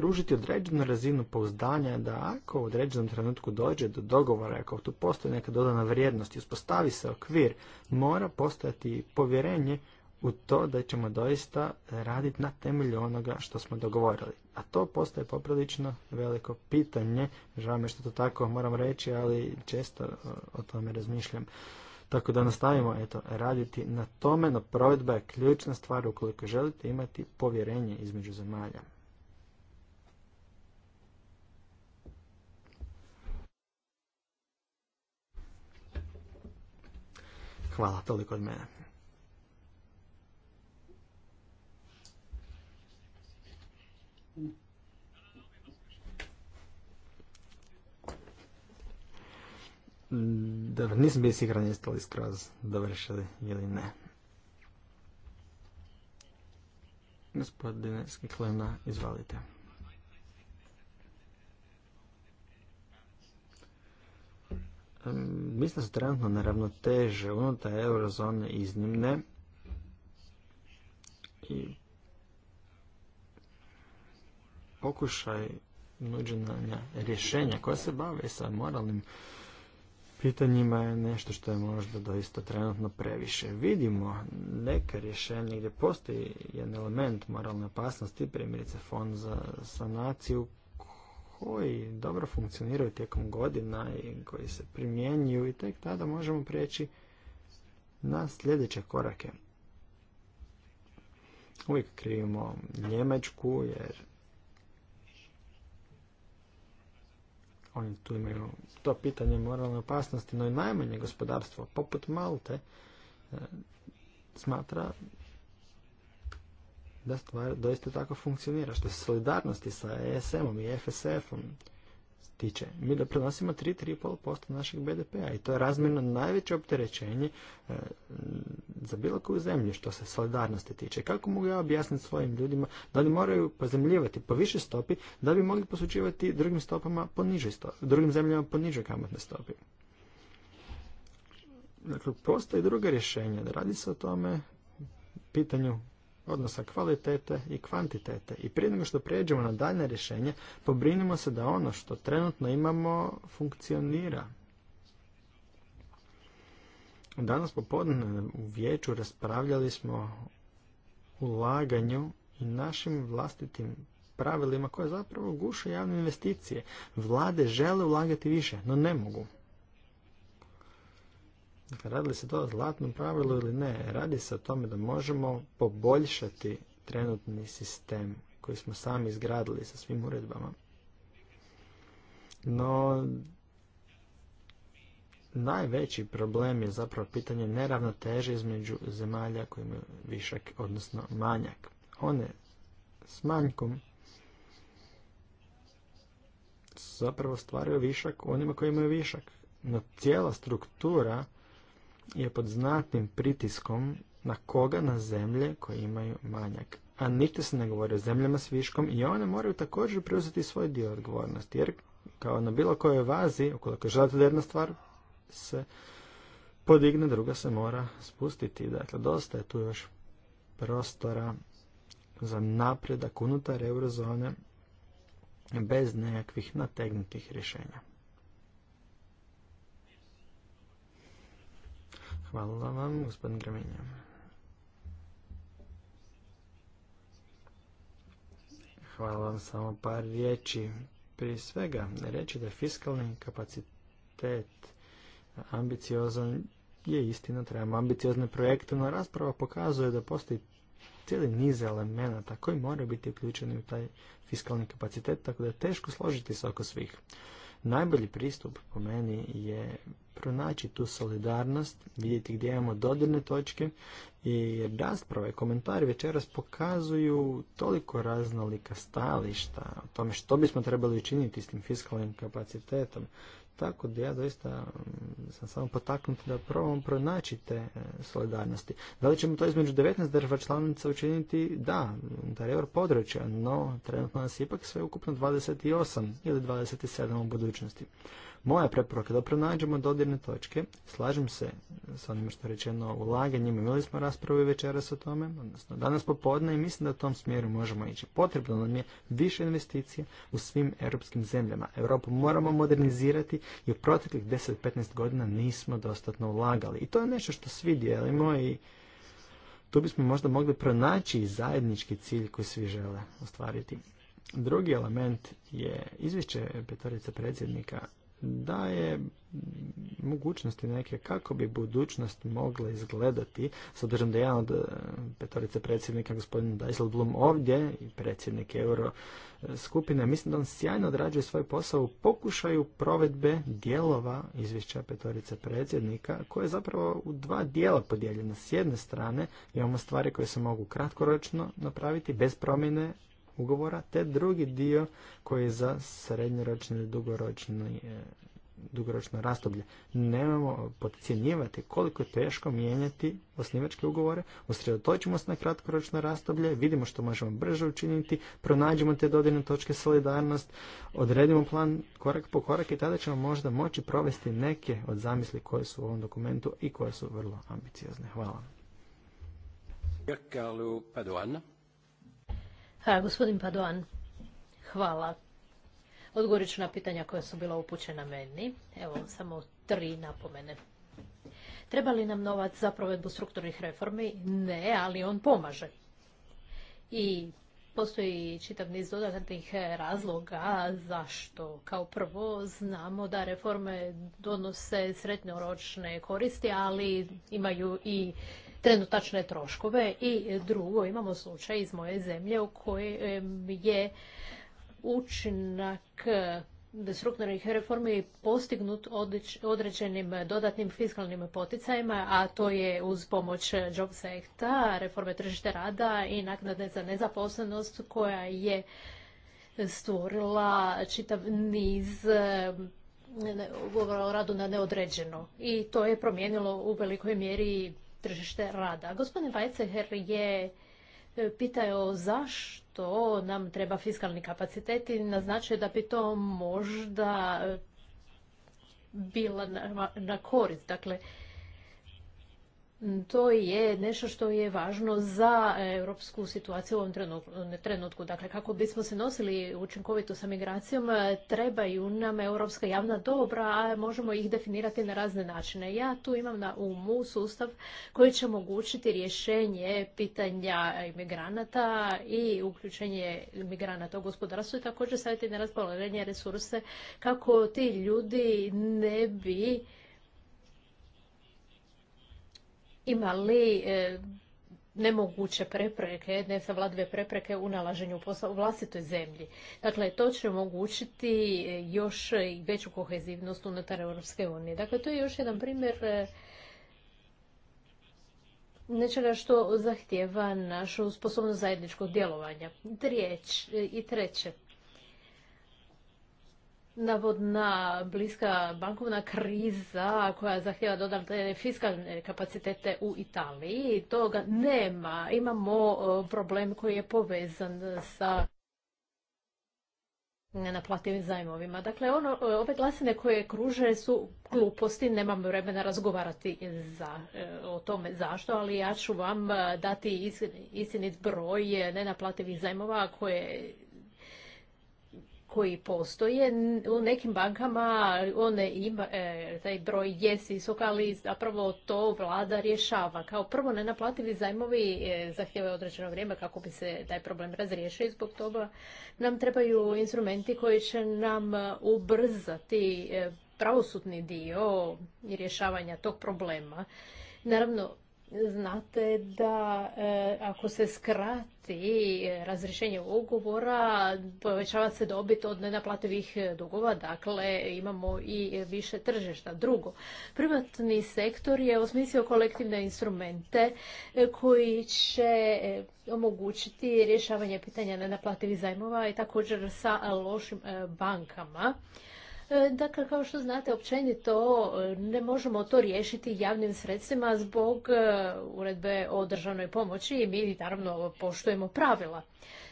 pružiti određenu razinu pouzdanja da ako u određenom trenutku dođe do dogovora, ako tu postoji neka dodana vrijednost i uspostavi se okvir, mora postojati povjerenje u to da ćemo doista raditi na temelju onoga što smo dogovorili. A to postaje poprilično veliko pitanje, žao mi što to tako moram reći, ali često e, o tome razmišljam. Tako da nastavimo eto, raditi na tome, no provedba je ključna stvar ukoliko želite imati povjerenje između zemalja. Hvala, toliko od mene. Dobar, nisam bio siguran jeste li skroz dovršili ili ne. Gospodine Skiklena, izvalite. Mislim da su trenutno neravnoteže unutar eurozone iznimne i pokušaj nuđenja rješenja koja se bave sa moralnim pitanjima je nešto što je možda doista trenutno previše. Vidimo neke rješenje gdje postoji jedan element moralne opasnosti, primjerice fond za sanaciju koji dobro funkcioniraju tijekom godina i koji se primjenjuju i tek tada možemo prijeći na sljedeće korake. Uvijek krivimo Njemačku jer oni tu imaju to pitanje moralne opasnosti, no i najmanje gospodarstvo poput Malte e, smatra da stvar doista tako funkcionira. Što se solidarnosti sa ESM-om i FSF-om tiče, mi da prenosimo 3-3,5% našeg BDP-a i to je razmjerno najveće opterećenje e, za bilo koju zemlju što se solidarnosti tiče. Kako mogu ja objasniti svojim ljudima da li moraju pozemljivati po više stopi da bi mogli posuđivati drugim stopama po nižoj stopi, drugim zemljama po nižoj kamatnoj stopi? Dakle, postoje druga rješenja. Da radi se o tome pitanju odnosa kvalitete i kvantitete. I prije nego što prijeđemo na daljne rješenje, pobrinimo se da ono što trenutno imamo funkcionira. Danas popodne u vijeću raspravljali smo ulaganju i našim vlastitim pravilima koje zapravo guše javne investicije. Vlade žele ulagati više, no ne mogu. Dakle, radi li se to o zlatnom pravilu ili ne? Radi se o tome da možemo poboljšati trenutni sistem koji smo sami izgradili sa svim uredbama. No, najveći problem je zapravo pitanje neravnoteže između zemalja koje imaju višak, odnosno manjak. One s manjkom zapravo stvaraju višak onima koji imaju višak. No cijela struktura je pod znatnim pritiskom na koga na zemlje koje imaju manjak. A niti se ne govori o zemljama s viškom i one moraju također preuzeti svoj dio odgovornosti. Jer kao na bilo kojoj vazi, ukoliko želite da jedna stvar se podigne, druga se mora spustiti. Dakle, dosta je tu još prostora za napredak unutar eurozone bez nekakvih nategnutih rješenja. Hvala vam, gospodin Graminja. Hvala vam samo par riječi. Prije svega, reći da je fiskalni kapacitet ambiciozan je istina, trebamo ambiciozne projekte, no rasprava pokazuje da postoji cijeli niz elemenata koji moraju biti uključeni u taj fiskalni kapacitet, tako da je teško složiti se oko svih. Najbolji pristup po meni je pronaći tu solidarnost, vidjeti gdje imamo dodirne točke i rasprave, komentari večeras pokazuju toliko raznolika stajališta o tome što bismo trebali učiniti s tim fiskalnim kapacitetom. Tako da ja doista mm, sam samo potaknut da probamo pronaći te e, solidarnosti. Da li ćemo to između 19 država članica učiniti? Da, da područja, no trenutno nas je ipak sve ukupno 28 ili 27 u budućnosti. Moja preporuka da pronađemo dodirne točke. Slažem se s onim što je rečeno o ulaganjima. Imali smo raspravu večeras o tome, odnosno danas popodne i mislim da u tom smjeru možemo ići. Potrebno nam je više investicija u svim europskim zemljama. Europu moramo modernizirati i u proteklih 10-15 godina nismo dostatno ulagali. I to je nešto što svi dijelimo i tu bismo možda mogli pronaći zajednički cilj koji svi žele ostvariti. Drugi element je izvješće petorice predsjednika daje mogućnosti neke kako bi budućnost mogla izgledati, s obzirom da je jedan od e, petorice predsjednika, gospodin Dijsselblum, ovdje, i predsjednik Euro e, skupine, mislim da on sjajno odrađuje svoj posao u pokušaju provedbe dijelova izvješća petorice predsjednika, koje je zapravo u dva dijela podijeljena. S jedne strane imamo stvari koje se mogu kratkoročno napraviti bez promjene ugovora, te drugi dio koji je za srednjoročno ili dugoročno rastoblje. Nemamo podcjenjivati koliko je teško mijenjati osnivačke ugovore, usredotočimo se na kratkoročno rastoblje, vidimo što možemo brže učiniti, pronađemo te dodirne točke solidarnost, odredimo plan korak po korak i tada ćemo možda moći provesti neke od zamisli koje su u ovom dokumentu i koje su vrlo ambiciozne. Hvala. Ha, gospodin Padoan, hvala. Odgovorit ću na pitanja koja su bila upućena meni. Evo, samo tri napomene. Treba li nam novac za provedbu strukturnih reformi? Ne, ali on pomaže. I postoji čitav niz dodatnih razloga zašto. Kao prvo znamo da reforme donose sretnoročne koristi, ali imaju i trenutačne troškove i drugo imamo slučaj iz moje zemlje u kojem je učinak strukturnih reformi postignut određenim dodatnim fiskalnim poticajima, a to je uz pomoć job sekta, reforme tržište rada i naknade za nezaposlenost koja je stvorila čitav niz ugovora o radu na neodređeno. I to je promijenilo u velikoj mjeri tržište rada. Gospodin Weizsäcker je e, pitao zašto nam treba fiskalni kapacitet i naznačio da bi to možda e, bila na korist. Dakle, to je nešto što je važno za europsku situaciju u ovom trenutku. Dakle, kako bismo se nosili učinkovito sa migracijom, trebaju nam europska javna dobra, a možemo ih definirati na razne načine. Ja tu imam na umu sustav koji će omogućiti rješenje pitanja imigranata i uključenje imigranata u gospodarstvo i također staviti na raspoloženje resurse kako ti ljudi ne bi imali e, nemoguće prepreke, nesavladive prepreke u nalaženju posla u vlastitoj zemlji. Dakle, to će omogućiti e, još i veću kohezivnost unutar Europske unije. Dakle, to je još jedan primjer e, nečega što zahtjeva našu sposobnost zajedničkog djelovanja. Riječ i treće, navodna bliska bankovna kriza koja zahtjeva dodatne fiskalne kapacitete u Italiji. Toga nema. Imamo problem koji je povezan sa nenaplativim zajmovima. Dakle, ono, ove glasine koje kruže su gluposti, nemam vremena razgovarati za, e, o tome zašto, ali ja ću vam e, dati istinit broj nenaplativih zajmova koje koji postoje. U nekim bankama one ima, e, taj broj je visok, ali zapravo to vlada rješava. Kao prvo, nenaplativi zajmovi e, zahtijevaju određeno vrijeme kako bi se taj problem razriješio i zbog toga nam trebaju instrumenti koji će nam ubrzati e, pravosudni dio rješavanja tog problema. Naravno, Znate da e, ako se skrati razrješenje ugovora, povećava se dobit od nenaplativih dugova, dakle imamo i više tržišta. Drugo, privatni sektor je osmislio kolektivne instrumente e, koji će e, omogućiti rješavanje pitanja nenaplativih zajmova i također sa lošim bankama. E, dakle, kao što znate, općenito e, ne možemo to riješiti javnim sredstvima zbog e, uredbe o državnoj pomoći i mi naravno poštujemo pravila.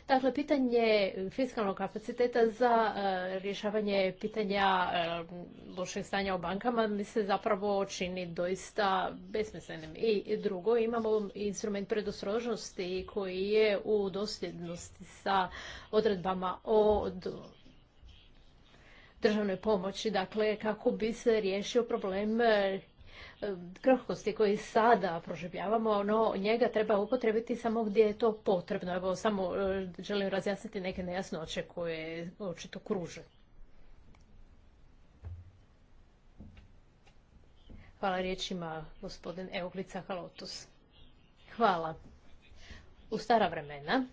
Dakle, pitanje fiskalnog kapaciteta za rješavanje pitanja lošeg stanja u bankama mi se zapravo čini doista besmislenim. I drugo, imamo instrument predostrožnosti koji je u dosljednosti sa odredbama o državnoj pomoći, dakle kako bi se riješio problem e, krhkosti koji sada proživljavamo, no njega treba upotrebiti samo gdje je to potrebno. Evo samo e, želim razjasniti neke nejasnoće koje očito kruže. Hvala riječima gospodin Euglica Halotus. Hvala. U stara vremena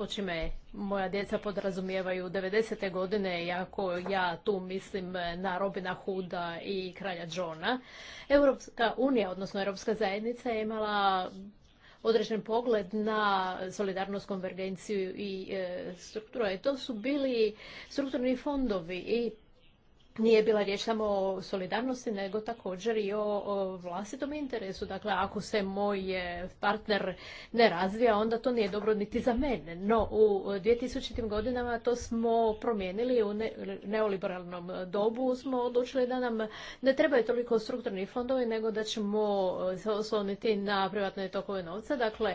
po čime moja djeca podrazumijevaju 90. godine, iako ja tu mislim na Robina Huda i kralja Johna. Europska unija, odnosno Europska zajednica je imala određen pogled na solidarnost, konvergenciju i e, struktura. I to su bili strukturni fondovi i nije bila riječ samo o solidarnosti, nego također i o, vlastitom interesu. Dakle, ako se moj e, partner ne razvija, onda to nije dobro niti za mene. No, u 2000. godinama to smo promijenili u neoliberalnom dobu. Smo odlučili da nam ne trebaju toliko strukturnih fondovi, nego da ćemo e, se osloniti na privatne tokove novca. Dakle,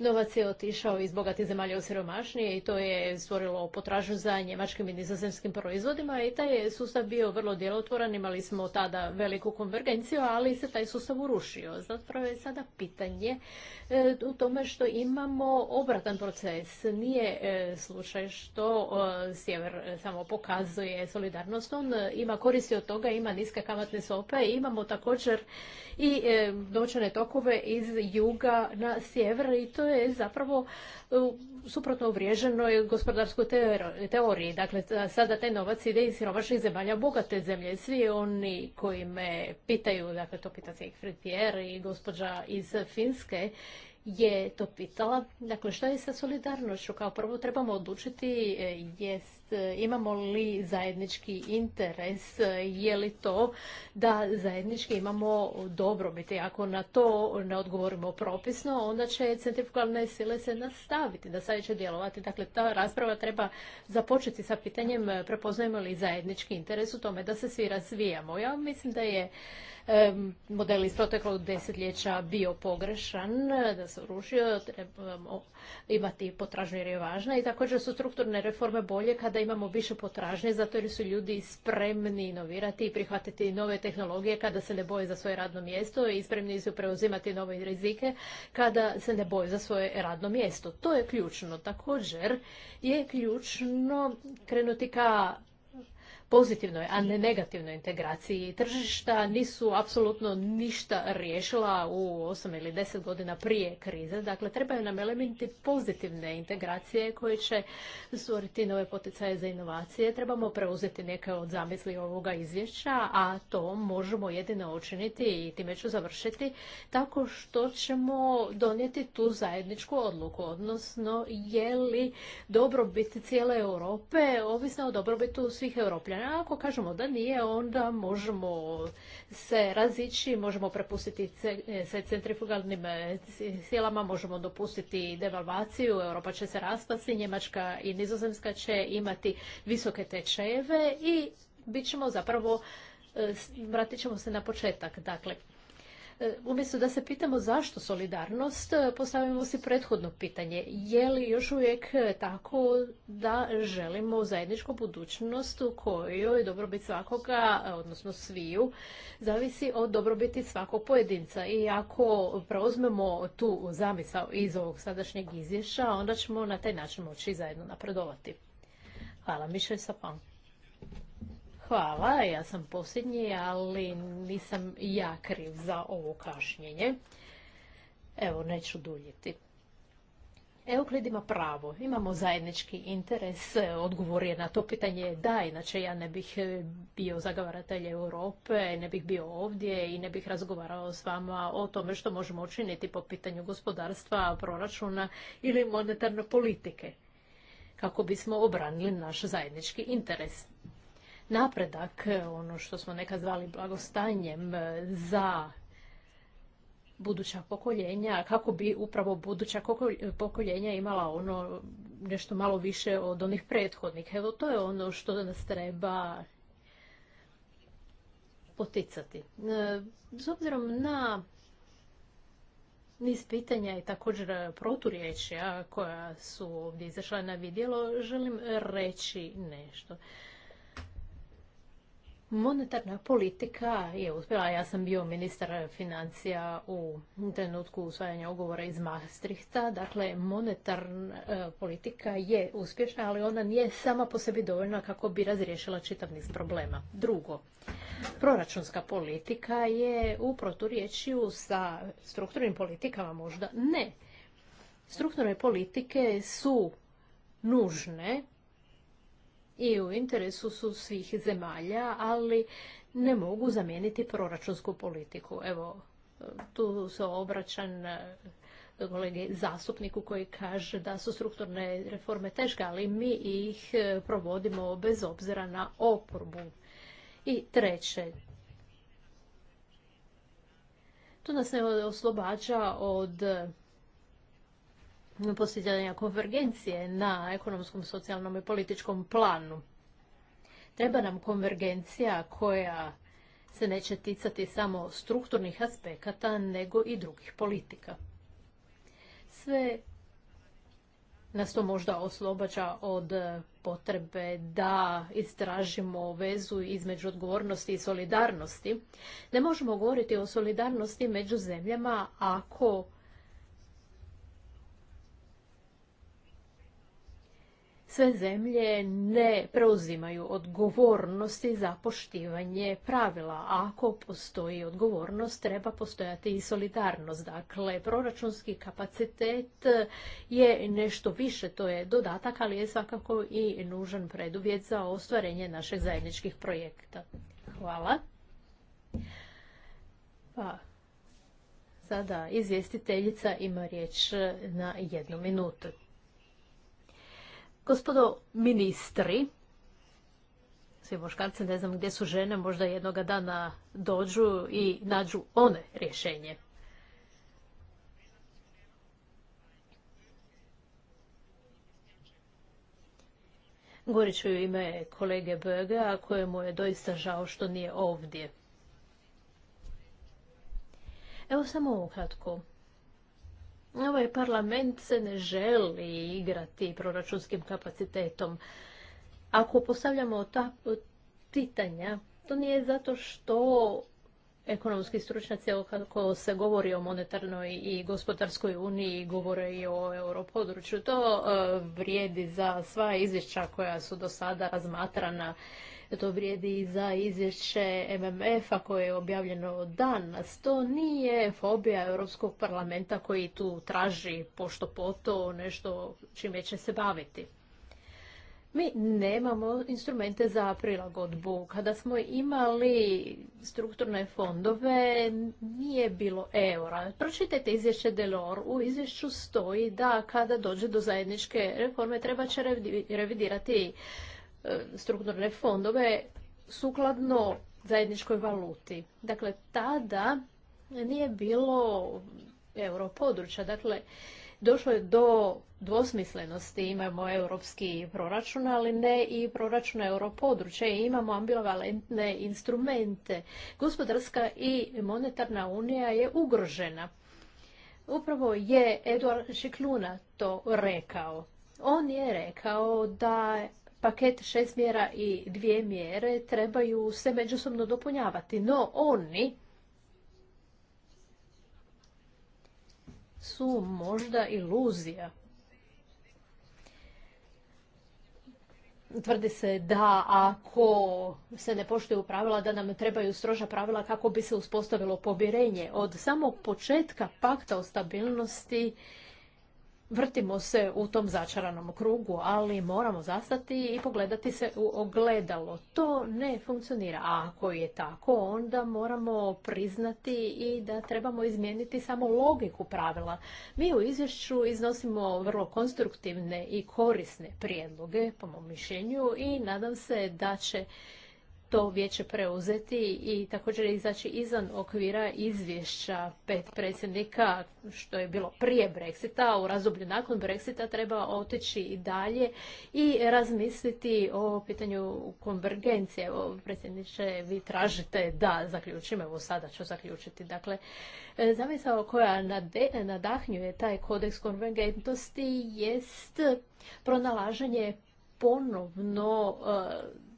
Novac je otišao iz bogatih zemalja u siromašnije i to je stvorilo potražu za njemačkim i nizozemskim proizvodima i taj je sustav bio vrlo djelotvoran, imali smo tada veliku konvergenciju, ali se taj sustav urušio. Zapravo je sada pitanje e, u tome što imamo obratan proces. Nije e, slučaj što e, sjever samo pokazuje solidarnost, on ima koristi od toga, ima niske kamatne stope, imamo također i novčane tokove iz juga na sjever i to je zapravo e, suprotno uvriježeno gospodarskoj teoriji. Dakle, sada taj novac ide iz siromašnih zemalja bogate zemlje. Svi oni koji me pitaju, dakle to pita se i i gospođa iz Finske, je to pitala. Dakle, što je sa solidarnošću? Kao prvo trebamo odlučiti e, jest E, imamo li zajednički interes, e, je li to da zajednički imamo dobrobiti. Ako na to ne odgovorimo propisno, onda će centrifugalne sile se nastaviti, da sad će djelovati. Dakle, ta rasprava treba započeti sa pitanjem e, prepoznajemo li zajednički interes u tome da se svi razvijamo. Ja mislim da je model iz proteklog desetljeća bio pogrešan, da se urušio, trebamo imati potražnje jer je važna i također su strukturne reforme bolje kada imamo više potražnje, zato jer su ljudi spremni inovirati i prihvatiti nove tehnologije kada se ne boje za svoje radno mjesto i spremni su preuzimati nove rizike kada se ne boje za svoje radno mjesto. To je ključno. Također je ključno krenuti ka pozitivnoj, a ne negativnoj integraciji tržišta nisu apsolutno ništa riješila u 8 ili 10 godina prije krize. Dakle, trebaju nam elementi pozitivne integracije koje će stvoriti nove poticaje za inovacije. Trebamo preuzeti neke od zamisli ovoga izvješća, a to možemo jedino učiniti i time ću završiti tako što ćemo donijeti tu zajedničku odluku, odnosno je li dobrobit cijele Europe ovisna o dobrobitu svih europljana ako kažemo da nije, onda možemo se razići, možemo prepustiti se centrifugalnim eh, silama, možemo dopustiti devalvaciju, Europa će se raspasti, Njemačka i Nizozemska će imati visoke tečajeve i bit ćemo zapravo, eh, vratit ćemo se na početak. Dakle, E, umjesto da se pitamo zašto solidarnost, e, postavimo si prethodno pitanje. Je li još uvijek e, tako da želimo zajedničku budućnost u kojoj dobrobit svakoga, odnosno sviju, zavisi od dobrobiti svakog pojedinca? I ako preuzmemo tu zamisao iz ovog sadašnjeg izvješća, onda ćemo na taj način moći zajedno napredovati. Hvala, Mišel Sapan. Hvala, ja sam posljednji, ali nisam ja kriv za ovo kašnjenje. Evo, neću duljiti. Evo, ima pravo, imamo zajednički interes, odgovor je na to pitanje da, inače ja ne bih bio zagovaratelj Europe, ne bih bio ovdje i ne bih razgovarao s vama o tome što možemo učiniti po pitanju gospodarstva, proračuna ili monetarne politike kako bismo obranili naš zajednički interes napredak, ono što smo nekad zvali blagostanjem e, za buduća pokoljenja, kako bi upravo buduća pokoljenja imala ono nešto malo više od onih prethodnih. Evo to je ono što nas treba poticati. E, s obzirom na niz pitanja i također proturječja koja su ovdje izašla na vidjelo, želim reći nešto. Monetarna politika je uspjela, ja sam bio ministar financija u trenutku usvajanja ugovora iz Maastrichta, dakle monetarna e, politika je uspješna, ali ona nije sama po sebi dovoljna kako bi razriješila čitav niz problema. Drugo, proračunska politika je u proturječju sa strukturnim politikama možda ne. Strukturne politike su nužne i u interesu su svih zemalja, ali ne mogu zamijeniti proračunsku politiku. Evo, tu se obraćam e, kolegi zastupniku koji kaže da su strukturne reforme teške, ali mi ih e, provodimo bez obzira na oporbu. I treće, to nas ne oslobađa od postizanja konvergencije na ekonomskom, socijalnom i političkom planu. Treba nam konvergencija koja se neće ticati samo strukturnih aspekata, nego i drugih politika. Sve nas to možda oslobađa od potrebe da istražimo vezu između odgovornosti i solidarnosti. Ne možemo govoriti o solidarnosti među zemljama ako sve zemlje ne preuzimaju odgovornosti za poštivanje pravila. ako postoji odgovornost, treba postojati i solidarnost. Dakle, proračunski kapacitet je nešto više, to je dodatak, ali je svakako i nužan preduvjet za ostvarenje naših zajedničkih projekta. Hvala. Pa, sada izvjestiteljica ima riječ na jednu minutu. Gospodo ministri, svi muškarci, ne znam gdje su žene, možda jednoga dana dođu i nađu one rješenje. Govorit ću ime kolege Böge, a kojemu je doista žao što nije ovdje. Evo samo ukratko. Ovaj parlament se ne želi igrati proračunskim kapacitetom. Ako postavljamo ta pitanja, to nije zato što ekonomski stručnjaci, kako se govori o monetarnoj i gospodarskoj uniji, govore i o europodručju. To e, vrijedi za sva izvješća koja su do sada razmatrana to vrijedi i za izvješće MMF-a koje je objavljeno danas. To nije fobija Europskog parlamenta koji tu traži pošto poto nešto čime će se baviti. Mi nemamo instrumente za prilagodbu. Kada smo imali strukturne fondove, nije bilo eura. Pročitajte izvješće Delor. U izvješću stoji da kada dođe do zajedničke reforme treba će revidirati E, strukturne fondove sukladno zajedničkoj valuti. Dakle, tada nije bilo europodručja. Dakle, došlo je do dvosmislenosti. Imamo europski proračun, ali ne i proračun europodručja. Imamo ambivalentne instrumente. Gospodarska i monetarna unija je ugrožena. Upravo je Eduard Šikluna to rekao. On je rekao da paket šest mjera i dvije mjere trebaju se međusobno dopunjavati. No oni su možda iluzija. Tvrdi se da ako se ne poštuju pravila, da nam trebaju stroža pravila kako bi se uspostavilo pobjerenje. Od samog početka pakta o stabilnosti vrtimo se u tom začaranom krugu, ali moramo zastati i pogledati se u ogledalo. To ne funkcionira. A ako je tako, onda moramo priznati i da trebamo izmijeniti samo logiku pravila. Mi u izvješću iznosimo vrlo konstruktivne i korisne prijedloge, po mom mišljenju, i nadam se da će to vijeće preuzeti i također izaći izvan okvira izvješća pet predsjednika, što je bilo prije Brexita, u razdoblju nakon Brexita treba otići i dalje i razmisliti o pitanju konvergencije. Evo, predsjedniče, vi tražite da zaključim, evo sada ću zaključiti. Dakle, e, zamisao koja nadahnjuje taj kodeks konvergentnosti jest pronalaženje ponovno e,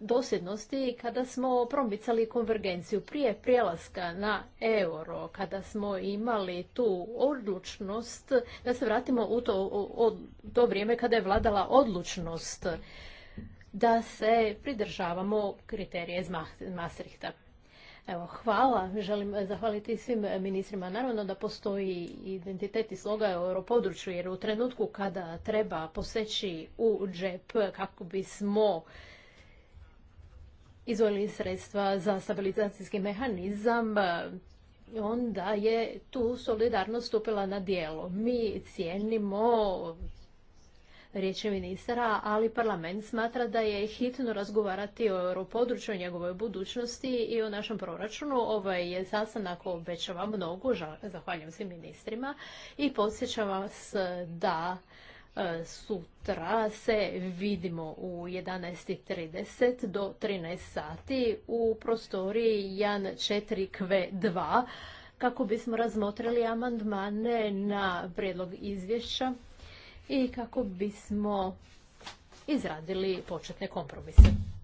dosljednosti kada smo promicali konvergenciju prije prijelaska na euro, kada smo imali tu odlučnost, da se vratimo u to, vrijeme kada je vladala odlučnost da se pridržavamo kriterije iz Maastrichta. Evo, hvala. Želim zahvaliti svim ministrima. Naravno da postoji identitet i sloga u europodručju, jer u trenutku kada treba poseći u džep kako bismo izvojili sredstva za stabilizacijski mehanizam, e, onda je tu solidarnost stupila na dijelo. Mi cijenimo riječi ministra, ali parlament smatra da je hitno razgovarati o europodručju, o njegovoj budućnosti i o našem proračunu. Ovaj je sastanak obećava mnogo, zahvaljujem svim ministrima i podsjećam vas da E, sutra se vidimo u 11.30 do 13 sati u prostoriji Jan 4 2 kako bismo razmotrili amandmane na prijedlog izvješća i kako bismo izradili početne kompromise.